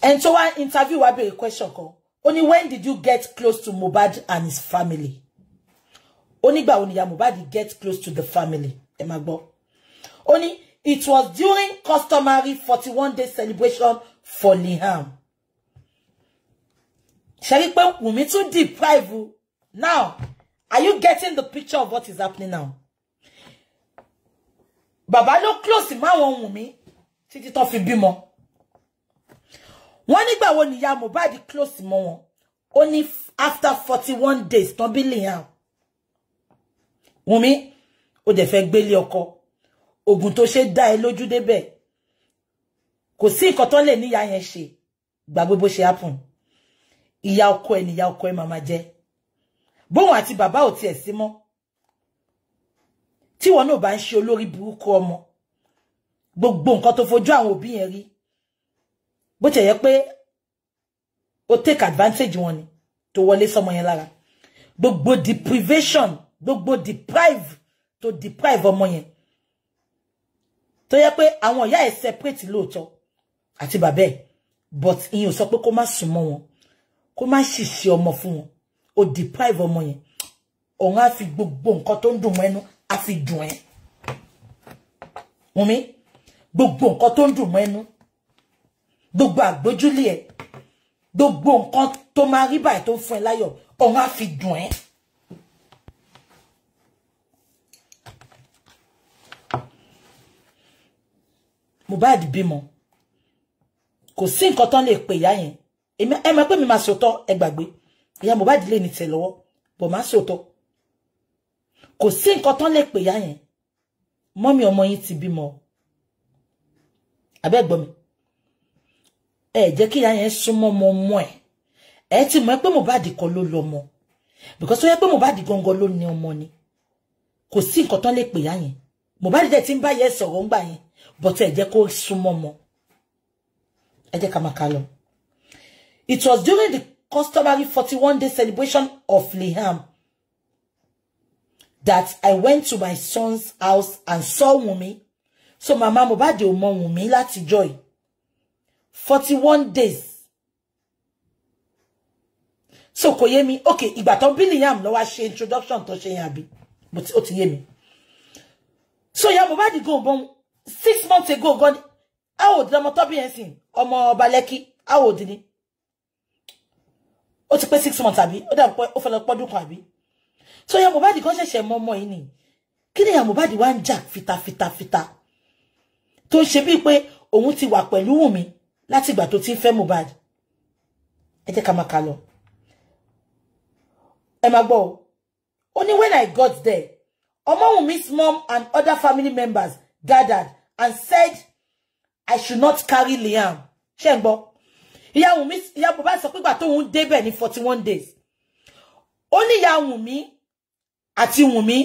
And so I interview wa be a question Only when did you get close to Mubad and his family? Only by only Mubad get close to the family. Ẹ Only it was during customary 41-day celebration for Liam. Now, are you getting the picture of what is happening now? Bàbá ló close mọ́ àwọn Wunmi títí tó fi bímọ. Wọ́n nígbà wo nìyá Mohbad close mọ́ wọn. Ó after 41 days tán be Liam. Wunmi ó dẹ̀ fẹ́ gbélé ọkọ. oògùn tó ṣe dá ẹ lójú débẹ̀ kò sí nǹkan tó lè níyà yẹn ṣe gbàgbé bó ṣe happen ìyá ọkọ ẹ níyà ọkọ ẹ màmá jẹ bóun àti bàbá ò tiẹ̀ sí mọ́ tí wọn náà bá ń ṣe olórí burúkú gbogbo nǹkan tó fojú àwọn òbí yẹn rí bó ti yẹ pé ó take advantage wọn ni tó wọlé sọmọ yẹn lára gbogbo deprivation gbogbo deprive tó deprive ọmọ yẹn tó yẹ pé àwọn ìyá ẹ̀ separate lóòótọ́ àti babe, but in ò sọ pé kó má sùn mọ́ wọn kó má ṣìṣe ọmọ fún ó deprive ọmọ yẹn òun á fi gbogbo nǹkan tó ń mọ́ ẹnu á fi dùn ẹ́ wùnmí gbogbo nǹkan tó ń mọ́ ẹnu gbogbo àgbójúlé ẹ gbogbo nǹkan tó máa rí báyìí tó fún ẹ láyọ̀ òun á fi dùn ẹ́. Mohbad bimo kò sí nǹkan tán lè pè ìyá yẹn ẹ mọ̀ pé mi máa ṣòótọ́ ẹ gbàgbé ìyá Mohbad lè ní tẹ̀ lọ́wọ́ bọ̀ máa ṣòótọ́ kò sí nǹkan tán lè pè ìyá yẹn mọ́mí ọmọ yín ti bímọ abẹ́ gbọ́ mi ẹ jẹ́ kí ìyá yẹn súnmọ́ ọmọ ọmọ ẹ̀ ẹ ti mọ̀ pé Mohbad kọ́ ló lọ́mọ because ó yẹ pé Mohbad gangan ló ní ọmọ ni kò sí nǹkan tán lè pè ìyá yẹn Mohbad dẹ̀ ti ń bá yẹn sọ̀rọ̀ ńgbà but ẹ jẹ́ kó súnmọ́ mọ́ ẹ jẹ́ It was during the customary 41-day celebration of Liham that I went to my son's house and saw Wunmi. So Mama ba ò mọ Wunmi láti joy. 41 days. So koyemi, okay, ìgbà tó bí Liham ló wá she introduction tó ṣe But ó ti yé So ya Mohbad go bon six months ago gan a ò dín ọmọ tọ́bí yẹn sìn ọmọ ọba lẹ́kí a ò dín ti pé six months àbí ó dà pé ó fẹ́ lọ pọ́dún kan àbí so ìyá Mohbad kan ṣẹ̀ṣẹ̀ mọ ọmọ yìí ni kí ni ìyá Mohbad wá ń jà fitafitafita tó ń ṣe bíi pé òun ti wa pẹ̀lú Wùnmí láti ìgbà tó ti ń fẹ́ Mohbad ẹ jẹ́ ká máa kà lọ ẹ máa gbọ́ when I got there ọmọ Wùnmí's mom and other family members gathered and said, I should not carry Liam. Ṣé ń gbọ́. Ìyá Wùmí, ìyá bàbá sọ pé ìgbà tóun débẹ̀ ní 41 days. Ó ní ìyá Wùmí àti Wùmí,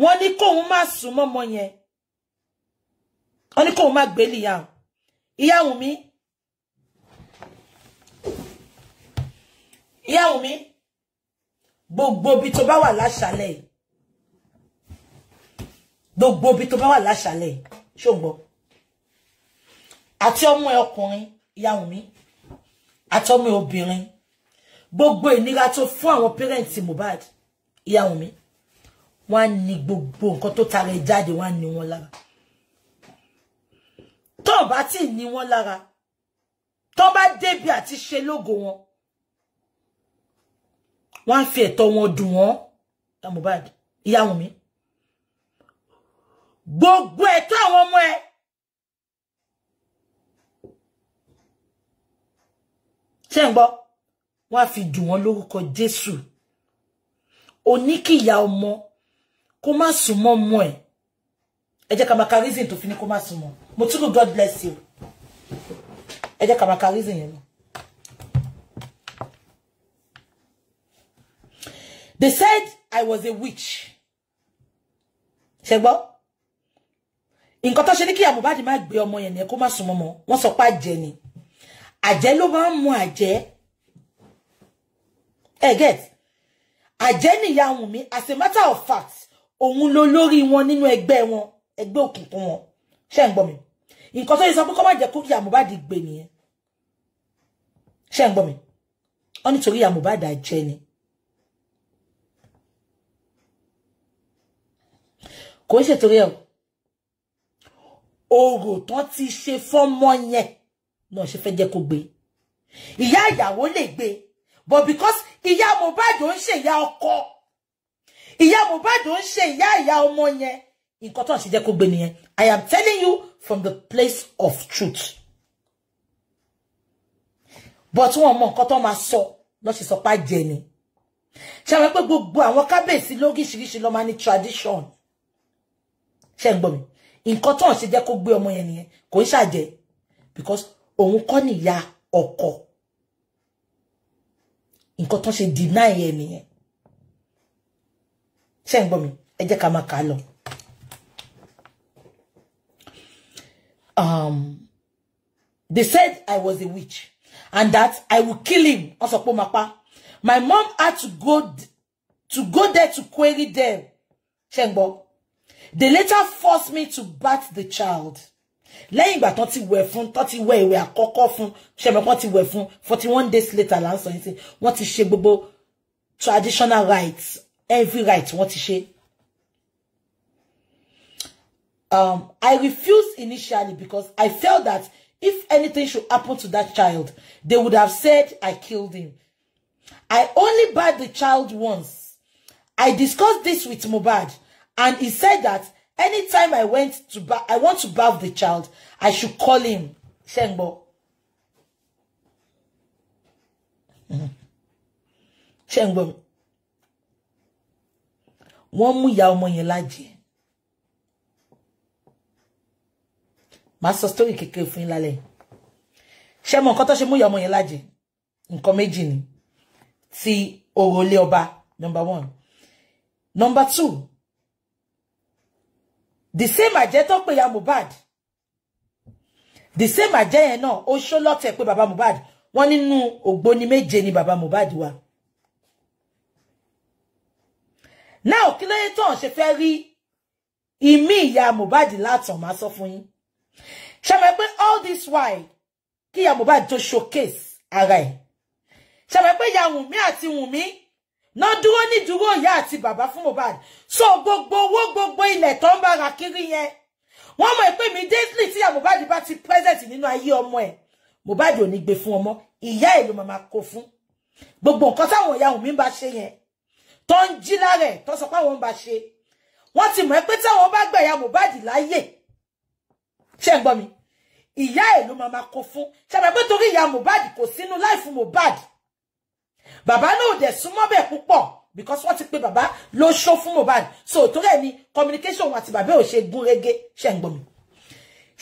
wọ́n ní kóun má sún mọ́ ọmọ yẹn. Wọ́n ní kóun má gbé Liam. Ìyá Wùmí. Ìyá Wùmí. Gbogbo bí tó bá wà láṣálẹ̀ gbogbo bí tó bá wà láṣàlẹ̀ ṣó ń gbọ́ àti ọmọ ẹ ọkùnrin ìyáhùn mi àti ọmọ ẹ obìnrin gbogbo ìnira tó fún àwọn pẹrẹǹtì Mohbad ìyáhùn mi wọ́n ni ní gbogbo nǹkan tó tara ẹ jáde wọ́n á ní wọn lára tó bá tí ì ní wọn lára tó bá débi àti ṣe lógo fi ẹ̀tọ́ wọn dùn wọn Mohbad ìyáhùn mi. gbogbo ẹ̀tọ́ àwọn ọmọ ẹ ṣe ń wọ́n fi jù wọ́n lórúkọ Jésù oníkìyà ọmọ kó má sùn mọ́ ọmọ ẹ̀ ẹ jẹ́ ká máa ka tó fi ní kó má sùn mọ́ mo tun God bless you ẹ jẹ́ ká máa ka yẹn They said I was a witch. Ṣé gbọ́? nǹkan tó ṣe ní kí Mohbad má gbé ọmọ yẹn nìyẹn kó má sùn mọ́mọ́ wọ́n sọ pé àjẹ́ ni àjẹ́ ló máa mu àjẹ́ ẹ get àjẹ́ nìyá Wùnmí as a matter of fact òun ló lórí wọn nínú ẹgbẹ́ wọn ẹgbẹ́ òkùnkùn wọn ṣé ń gbọ́ mi nǹkan tó yẹ sọ pé kó má jẹ́ kó kí Mohbad gbé nìyẹn ṣé ń gbọ́ mi wọ́n nítorí Mohbad àjẹ́ ni kò ń ṣètò rẹ̀ orò tó ti ṣe fọ́mọ yẹn náà ṣe fẹ́ jẹ́ kó gbé ìyá ìyàwó lè gbé but because ìyá Mohbad ò ń ṣe ìyá ọkọ ìyá Mohbad ò ń ṣe ìyá ìyá ọmọ yẹn nǹkan tó ń ṣe jẹ́ I am telling you from the place of truth but one mọ nǹkan tó máa sọ lọ́sẹ̀ sọpá jẹ ni ṣe àwọn pé gbogbo àwọn kábíyèsí lóríṣiríṣi ló máa ní tradition ṣe ń nǹkan tó ń ṣe jẹ́ kó gbé ọmọ yẹn nìyẹn kò ń ṣàjẹ́ because òun kọ́ nìyá ọkọ nǹkan tó ń ṣe deny yẹn nìyẹn ṣé ń gbọ́ mi ẹ jẹ́ ká máa kà á lọ. Um, they said I was a witch and that I will kill him. My mom had to go to go there to query them. Ṣé ń gbọ́. They later forced me to bat the child. Lẹ́yìn ìgbà tán ti wẹ̀ fún thirty ti wẹ̀ are àkọ́kọ́ off ṣẹ̀mẹ̀ kan ti wẹ̀ fún forty one days later là ń sọ yín sí traditional rights, every right What is she? Um, I refused initially because I felt that if anything should happen to that child, they would have said I killed him. I only bat the child once. I discussed this with Mubad and he said that anytime I went to I want to bath the child, I should call him. Shengbo. Mm-hmm. Shengbo. Wọ́n mú ìyá ọmọ yẹn lájẹ. Màá story kékeré fún lálẹ́. She mo nǹkan tó ṣe mú ìyá ọmọ yẹn lájẹ? méjì ni. Ti òròlé ọba, number one. Number two, the same àjẹ́ tó pè ya Mohbad the same àjẹ́ yẹn náà ó ṣó lọ́tẹ̀ pé baba Mohbad wọ́n nínú ògbóni méje ni baba Mohbad wà. náà kí lóye tó ń ṣe fẹ́ rí ìmí ìyá Mohbad látàn máa sọ fún yín ṣe mọ̀ pé all this while kí ìyá Mohbad tó showcase ara ẹ̀ ṣe mọ̀ pé ìyá Wùnmí àti Wùnmí ná dúró ní dúró ìyá àti bàbá fún Mohbad so gbogbo owó gbogbo ilẹ̀ tó ń bára kiri yẹn wọ́n mọ̀ pé immediately tí ìyá Mohbad bá ti present nínú ayé ọmọ ẹ̀ Mohbad ò ní gbé fún ọmọ ìyá ẹ̀ ló máa kó fún gbogbo nǹkan táwọn ìyá Wùnmí bá ṣe yẹn tó ń jí lára ẹ̀ tó sọ pé àwọn bá ṣe wọ́n ti mọ̀ pé táwọn bá gbà Mohbad láyè ṣé ń gbọ́ mi ìyá ẹ̀ ló máa kó fún ṣàbẹ̀ pé torí ìyá Mohbad kò sínú láìfún Mohbad Baba no de súnmọ́ be púpọ̀ because what ti pé Baba, ló ṣó fún mobile. so torí ẹ̀ ni communication wọn àti bàbá ò ṣe gún régé ṣe ń gbọ́ mi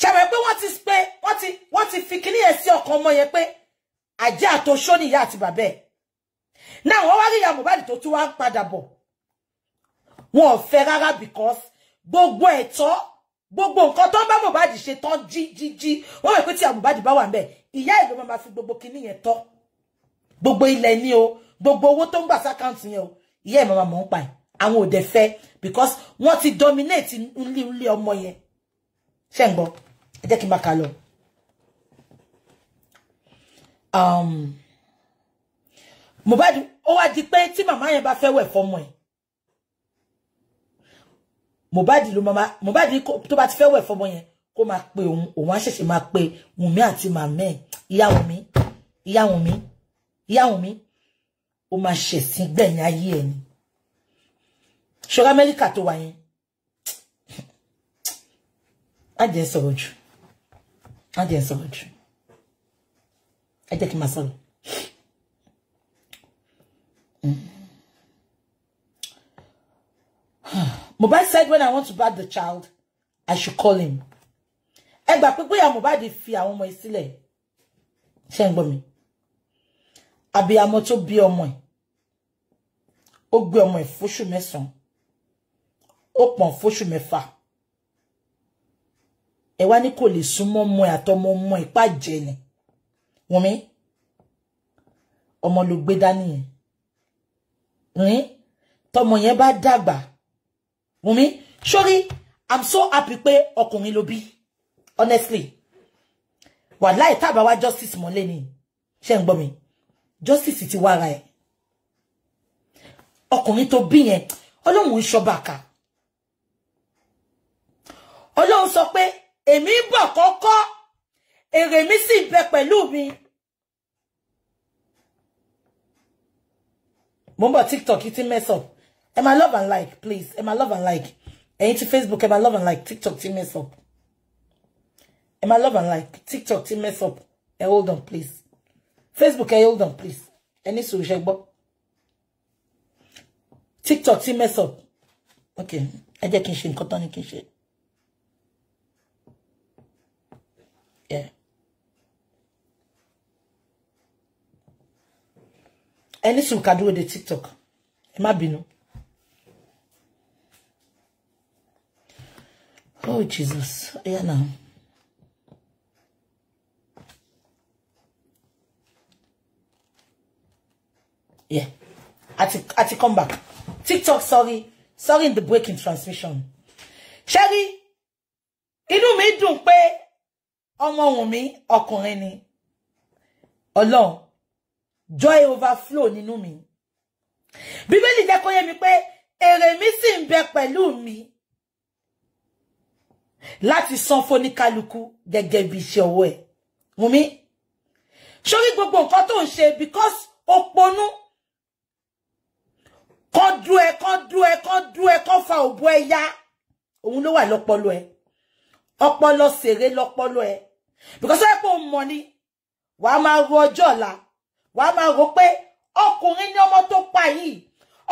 ṣàbẹ̀ pé wọ́n ti pé wọ́n ti wọ́n ti fi kíní ẹ̀ sí ọkàn ọmọ yẹn pé to àtòṣó nìyá àti bàbá ẹ̀ náà wọ́n wá rí ìyá Mohbad tó tún wá ń padà bọ̀ wọn ò because gbogbo ẹ̀tọ́ gbogbo nǹkan tó ba mobile Mohbad ṣe ji ji. jí jí wọ́n wẹ̀ pé tí ìyá Mohbad bá wà ń bẹ̀ ìyá ẹ̀ fi gbogbo kíní yẹn tọ́ gbogbo ilẹ̀ ni o gbogbo owó tó ń gbà sákàǹtì yẹn o ìyá ẹ̀ màmá mọ̀ ń pa ẹ̀ àwọn ò dẹ̀ fẹ́ because wọ́n ti dominate nlé nlé ọmọ yẹn ṣé ń gbọ́ ẹ jẹ́ kí n máa kà lọ. Um, Mohbad ó wá di pé tí màmá yẹn bá fẹ́ wẹ̀ fọmọ ẹ̀ Mohbad ló mama Mohbad tó bá ti fẹ́ wẹ̀ fọmọ yẹn kó máa pe òun òun á ṣẹ̀ṣẹ̀ máa pe Wùnmí àti màmá ẹ̀ ìyá Wùnmí ìyá Wùnmí. ìyá òun mi ó máa ṣẹ̀sìn gbẹ̀yìn ayé ẹ̀ ni ṣọ́ra amẹ́ríkà tó wà yẹn á jẹ́ sọ̀rọ̀ á jẹ́ jẹ́ kí hmm. said when I want to bat the child, I should call him. Ẹ gbà pé bóyá Mohbad fi àwọn ọmọ yìí sílẹ̀. Ṣé ń gbọ́ mi? Abi tó bí ọmọ ẹ̀ ó gbé ọmọ ẹ̀ fóṣù mẹ́sàn-án ó pọ̀n fóṣù mẹ́fà ẹ wá ní kò lè súnmọ́ ọmọ ẹ̀ àtọmọ ọmọ ẹ̀ pàjẹ́ ni Wùnmí ọmọ ló gbé dání yẹn rìn tọmọ yẹn bá dàgbà Wùnmí sórí i'm so happy pé ọkùnrin ló bí honestly wàláì tábà wá justice mọ́lẹ́ ni ṣé ń gbọ́ mi. justice ti wára ẹ̀ ọkùnrin tó bí yẹn ọlọ́run ń ṣọbàkà ọlọ́run sọ pé èmi ń bọ̀ kọ́kọ́ èrè mi sì ń bẹ pẹ̀lú mi. mo tiktok yìí mess up am I love and like please am I love and like ain't you facebook am I love and like tiktok ti mess up am I love and like tiktok ti mess up ẹ hold on please. Facebook ẹ hold on please Any ní sùúrù TikTok see, mess up Okay, I jẹ́ kí n ṣe nǹkan tán ni kí n ṣe. Yeah. ẹni sùn kàdúró de tiktok ẹ má bínú. oh jesus ẹ yà náà. Yeah. At the a comeback, TikTok, sorry. Sorry in the breaking transmission. Sherry, inú mi dùn pé ọmọ my mi ọkùnrin ni. Ọlọ́run, joy overflow nínú mi. Bíbélì jẹ́ kó yé mi pé èrè mi sì ń bẹ pẹ̀lú mi láti san kaluku gẹ́gẹ́ bí iṣẹ́ ọwọ́ ẹ̀. Wùmí, sórí gbogbo nǹkan tó ń because ó kọ́ dú ẹ kọ́ dú ẹ kọ́ dú ẹ kọ́ fa òbú ẹ yá òun ló wà lọ́pọlọ ẹ ọpọlọ ṣeré lọ́pọlọ ẹ because ẹ pé òun mọ ni wàá máa ro ọjọ́ ọ̀la wàá máa ro pé ọkùnrin ní ọmọ tó pa yìí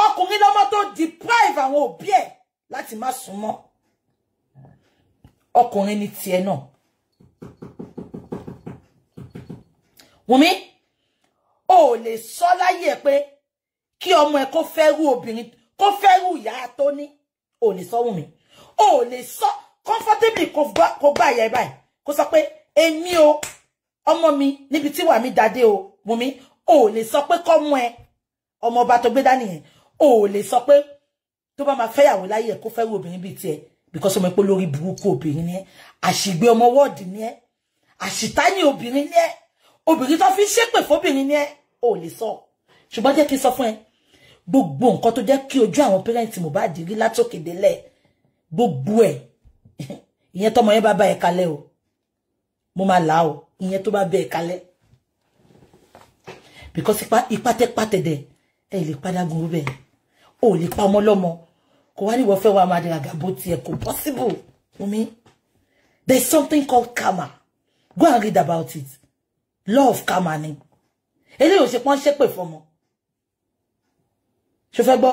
ọkùnrin lọmọ tó deprive àwọn òbí ẹ láti má súnmọ́ ọkùnrin ní tiẹ̀ náà Wùmí o lè sọ láyé pé kí ọmọ ẹ kó fẹ́rù obìnrin kó fẹ́rù ìyá tó ní ò lè sọ wù mí ò lè sọ comfortably kó gbá ìyá ẹ báyìí kó sọ pé èmi o ọmọ mi níbi tí wà mí dàdé o mú mi ò lè sọ pé kọ́mú ẹ ọmọ ọba tó gbé dání yẹn ò lè sọ pé tó bá máa fẹ́yàwó láyé ẹ̀ kó fẹ́rù obìnrin bíi tiẹ̀ because ọmọ ẹ̀pọ̀ lórí burúkú obìnrin ni ẹ́ àṣìgbé ọmọ wọ́ọ̀dì ni ẹ́ àṣìtáyìn obìnrin ni ẹ́ obìnrin tó fi ṣépè fóbìnrin ni ẹ́ ò fo fobinrin sọ ṣùgbọ́n jẹ́ kí n sọ fún ẹ gbogbo nǹkan tó jẹ́ kí ojú àwọn parent Mohbad rí látòkè délẹ̀ gbogbo ẹ̀ *laughs* ìyẹn tọmọ yẹn bá ẹ kalẹ̀ o mo là o ìyẹn tó bá ẹ kalẹ̀ because ipa ipa tẹ pa tẹ̀dẹ̀ ẹ lè padà gun bẹ́ẹ̀ o lè pa ọmọ lọ́mọ kò wá níwọ̀ fẹ́ wàá máa dìràgà bó kò possible umi? there is something called karma go and read about it law of karma ni eléyìí ṣe pọ́n ṣépè fọmọ ṣe fẹ́ gbọ́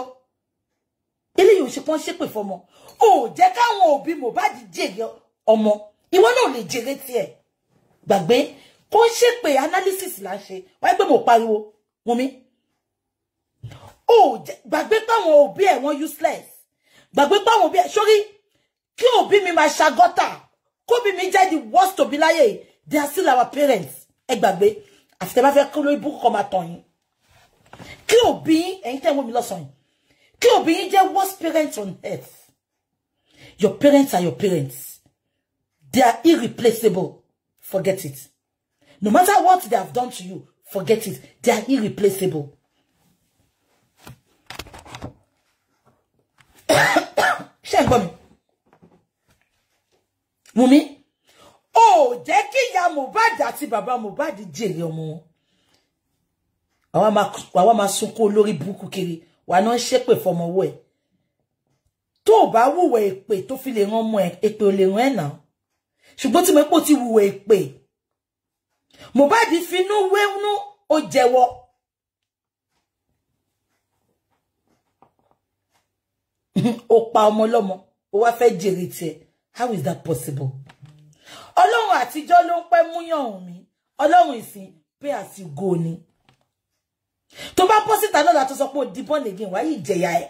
eléyìí ò ṣe pọ́n ṣépè fọmọ ò jẹ́ káwọn òbí Mohbad jèrè ọmọ ìwọ náà lè jèrè tiẹ̀ gbàgbé kó ń ṣépè analysis là ń ṣe wáyé pé mo pariwo Wunmi ò gbàgbé páwọn òbí ẹ̀ wọ́n useless gbàgbé páwọn òbí ẹ̀ sórí kí òbí mi ma ṣagọ́tà kóbi mi jẹ́ the worst òbí láyé they are still our parents ẹ gbàgbé àfitẹ́ bá fẹ́ kó lórí búkú kọ́ máa tàn yín kí being ẹ̀yin tẹ́ ń wò mí lọ́sàn yìí kí worst parents on earth your parents are your parents they are irreplaceable forget it no matter what they have done to you forget it they are irreplaceable. *coughs* ṣé ẹ gbọ́ mi Wùmí ó bàbá Mohbad jèrè ọmọ àwa máa sunkún olórí burúkú kiri wà náà ṣépè fọmọwọ́ ẹ̀ tó o bá wùwẹ̀ èpè tó fi lè ran ọmọ ẹ̀ èpè ò lè ran ẹ̀ náà ṣùgbọ́n tí mo pò ti wùwẹ̀ èpè Mohbad finú wénú ó jẹ́wọ́. *laughs* ó pa ọmọ ọlọ́mọ ó wá fẹ́ jèrè tiẹ̀ how is that possible. ọlọ́run àtijọ́ ló ń pẹ́ múyàn mi ọlọ́run ìsìn pé àti go ni tó bá bọ́ síta náà láti sọ pé di born again wáyé ìjẹ̀yà ẹ̀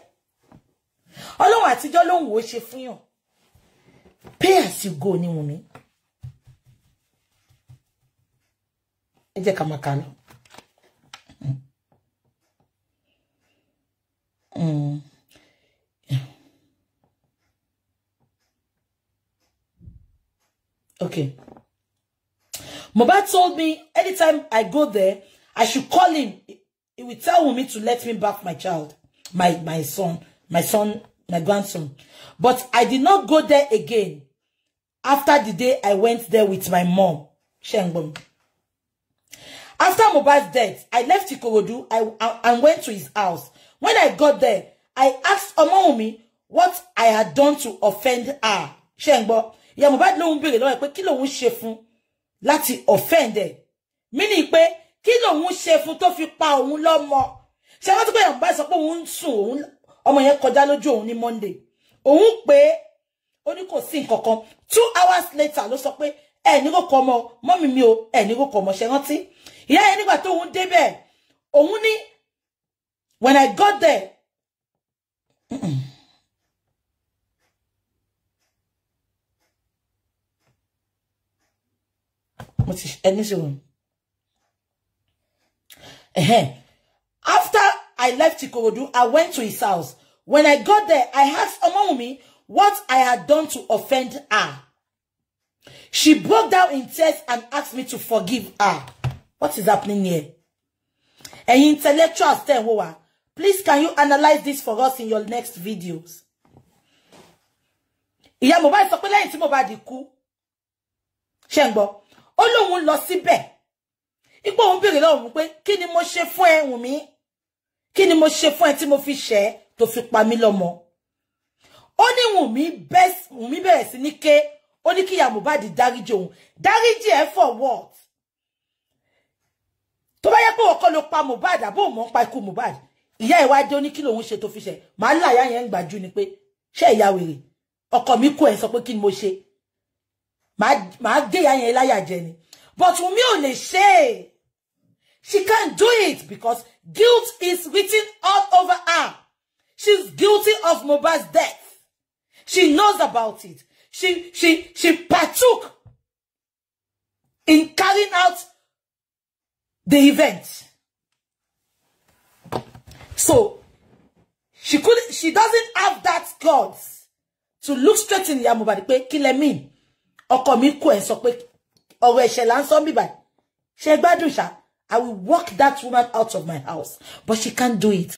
ọlọ́run àtijọ́ lóhùn ó ṣe fún yàn pay as you go ni Wùnmí ẹ jẹ́ ká máa mm. Okay. Mohbad told me anytime I go there, I should call him. He will tell me to let me back my child, my, my son, my son, my grandson. But I did not go there again after the day I went there with my mom, Shengbom. After Mobile's death, I left Ikorodu I, I, and went to his house. When I got there, I asked Omoumi what I had done to offend her. Shengbo, ìyá Mohbad no ń no lọ́wọ́ kilo kí lòun ṣe fún láti offend ẹ̀. Meaning kí lòun ṣe fún tó fi pa òun lọ́mọ ṣe wọ́n ti pé ìyàwó sọ pé òun ń sùn òun ọmọ yẹn kọjá lójú òun ní Monday òun pé ó ní kò sí nǹkan kan two hours later ló sọ pé ẹ ní kò kọ ọmọ mọ́mì mi o ẹ ní kò kọ ọmọ ṣe rántí ìyá yẹn nígbà tó òun débẹ̀ òun ní when I got there. Mm-mm. *clears throat* mo ti ẹni ṣe wọn. After I left Ikorodu, I went to his house. When I got there, I asked Omawumi what I had done to offend her. She broke down in tears and asked me to forgive her. What is happening here? An intellectual stand, please can you analyze this for us in your next videos? Ìyá mobile, sọ pé lẹ́yìn tí kú. Ṣé ń gbọ́? Ó nígbà òun béèrè lọ́wọ́ mi pé kí ni mo ṣe fún ẹ Wùnmí kí mo ṣe fún ẹ tí mo fi ṣẹ́ tó fi pa mí lọ́mọ ó ní Wùnmí bẹ̀rẹ̀ sí oni ki ya ní kíyà Mohbad dáríjì òun dáríjì ẹ for what tó bá yẹ pé ọkọ ló pa Mohbad àbó mọ ń pa ikú Mohbad ìyá ìwádìí ó ní kí lòun ṣe tó fi ṣẹ màá láyà yẹn ń gbàjú ni pé ṣé ìyá wèrè ọkọ mi kú ẹ sọ pé kí ni mo ṣe màá gé ìyá yẹn láyà jẹ ni but Wùnmí ò lè ṣe She can't do it because guilt is written all over her. She's guilty of Mubas death. She knows about it. She, she, she partook in carrying out the event. So, she couldn't, she doesn't have that guts to look straight in Yamubadi pé kill me or come mi kú ẹ sọ pé ọ̀rọ̀ ẹ̀ṣẹ̀ là ń sọ mí báyìí. Ṣé gbádùn I will walk that woman out of my house. But she can't do it.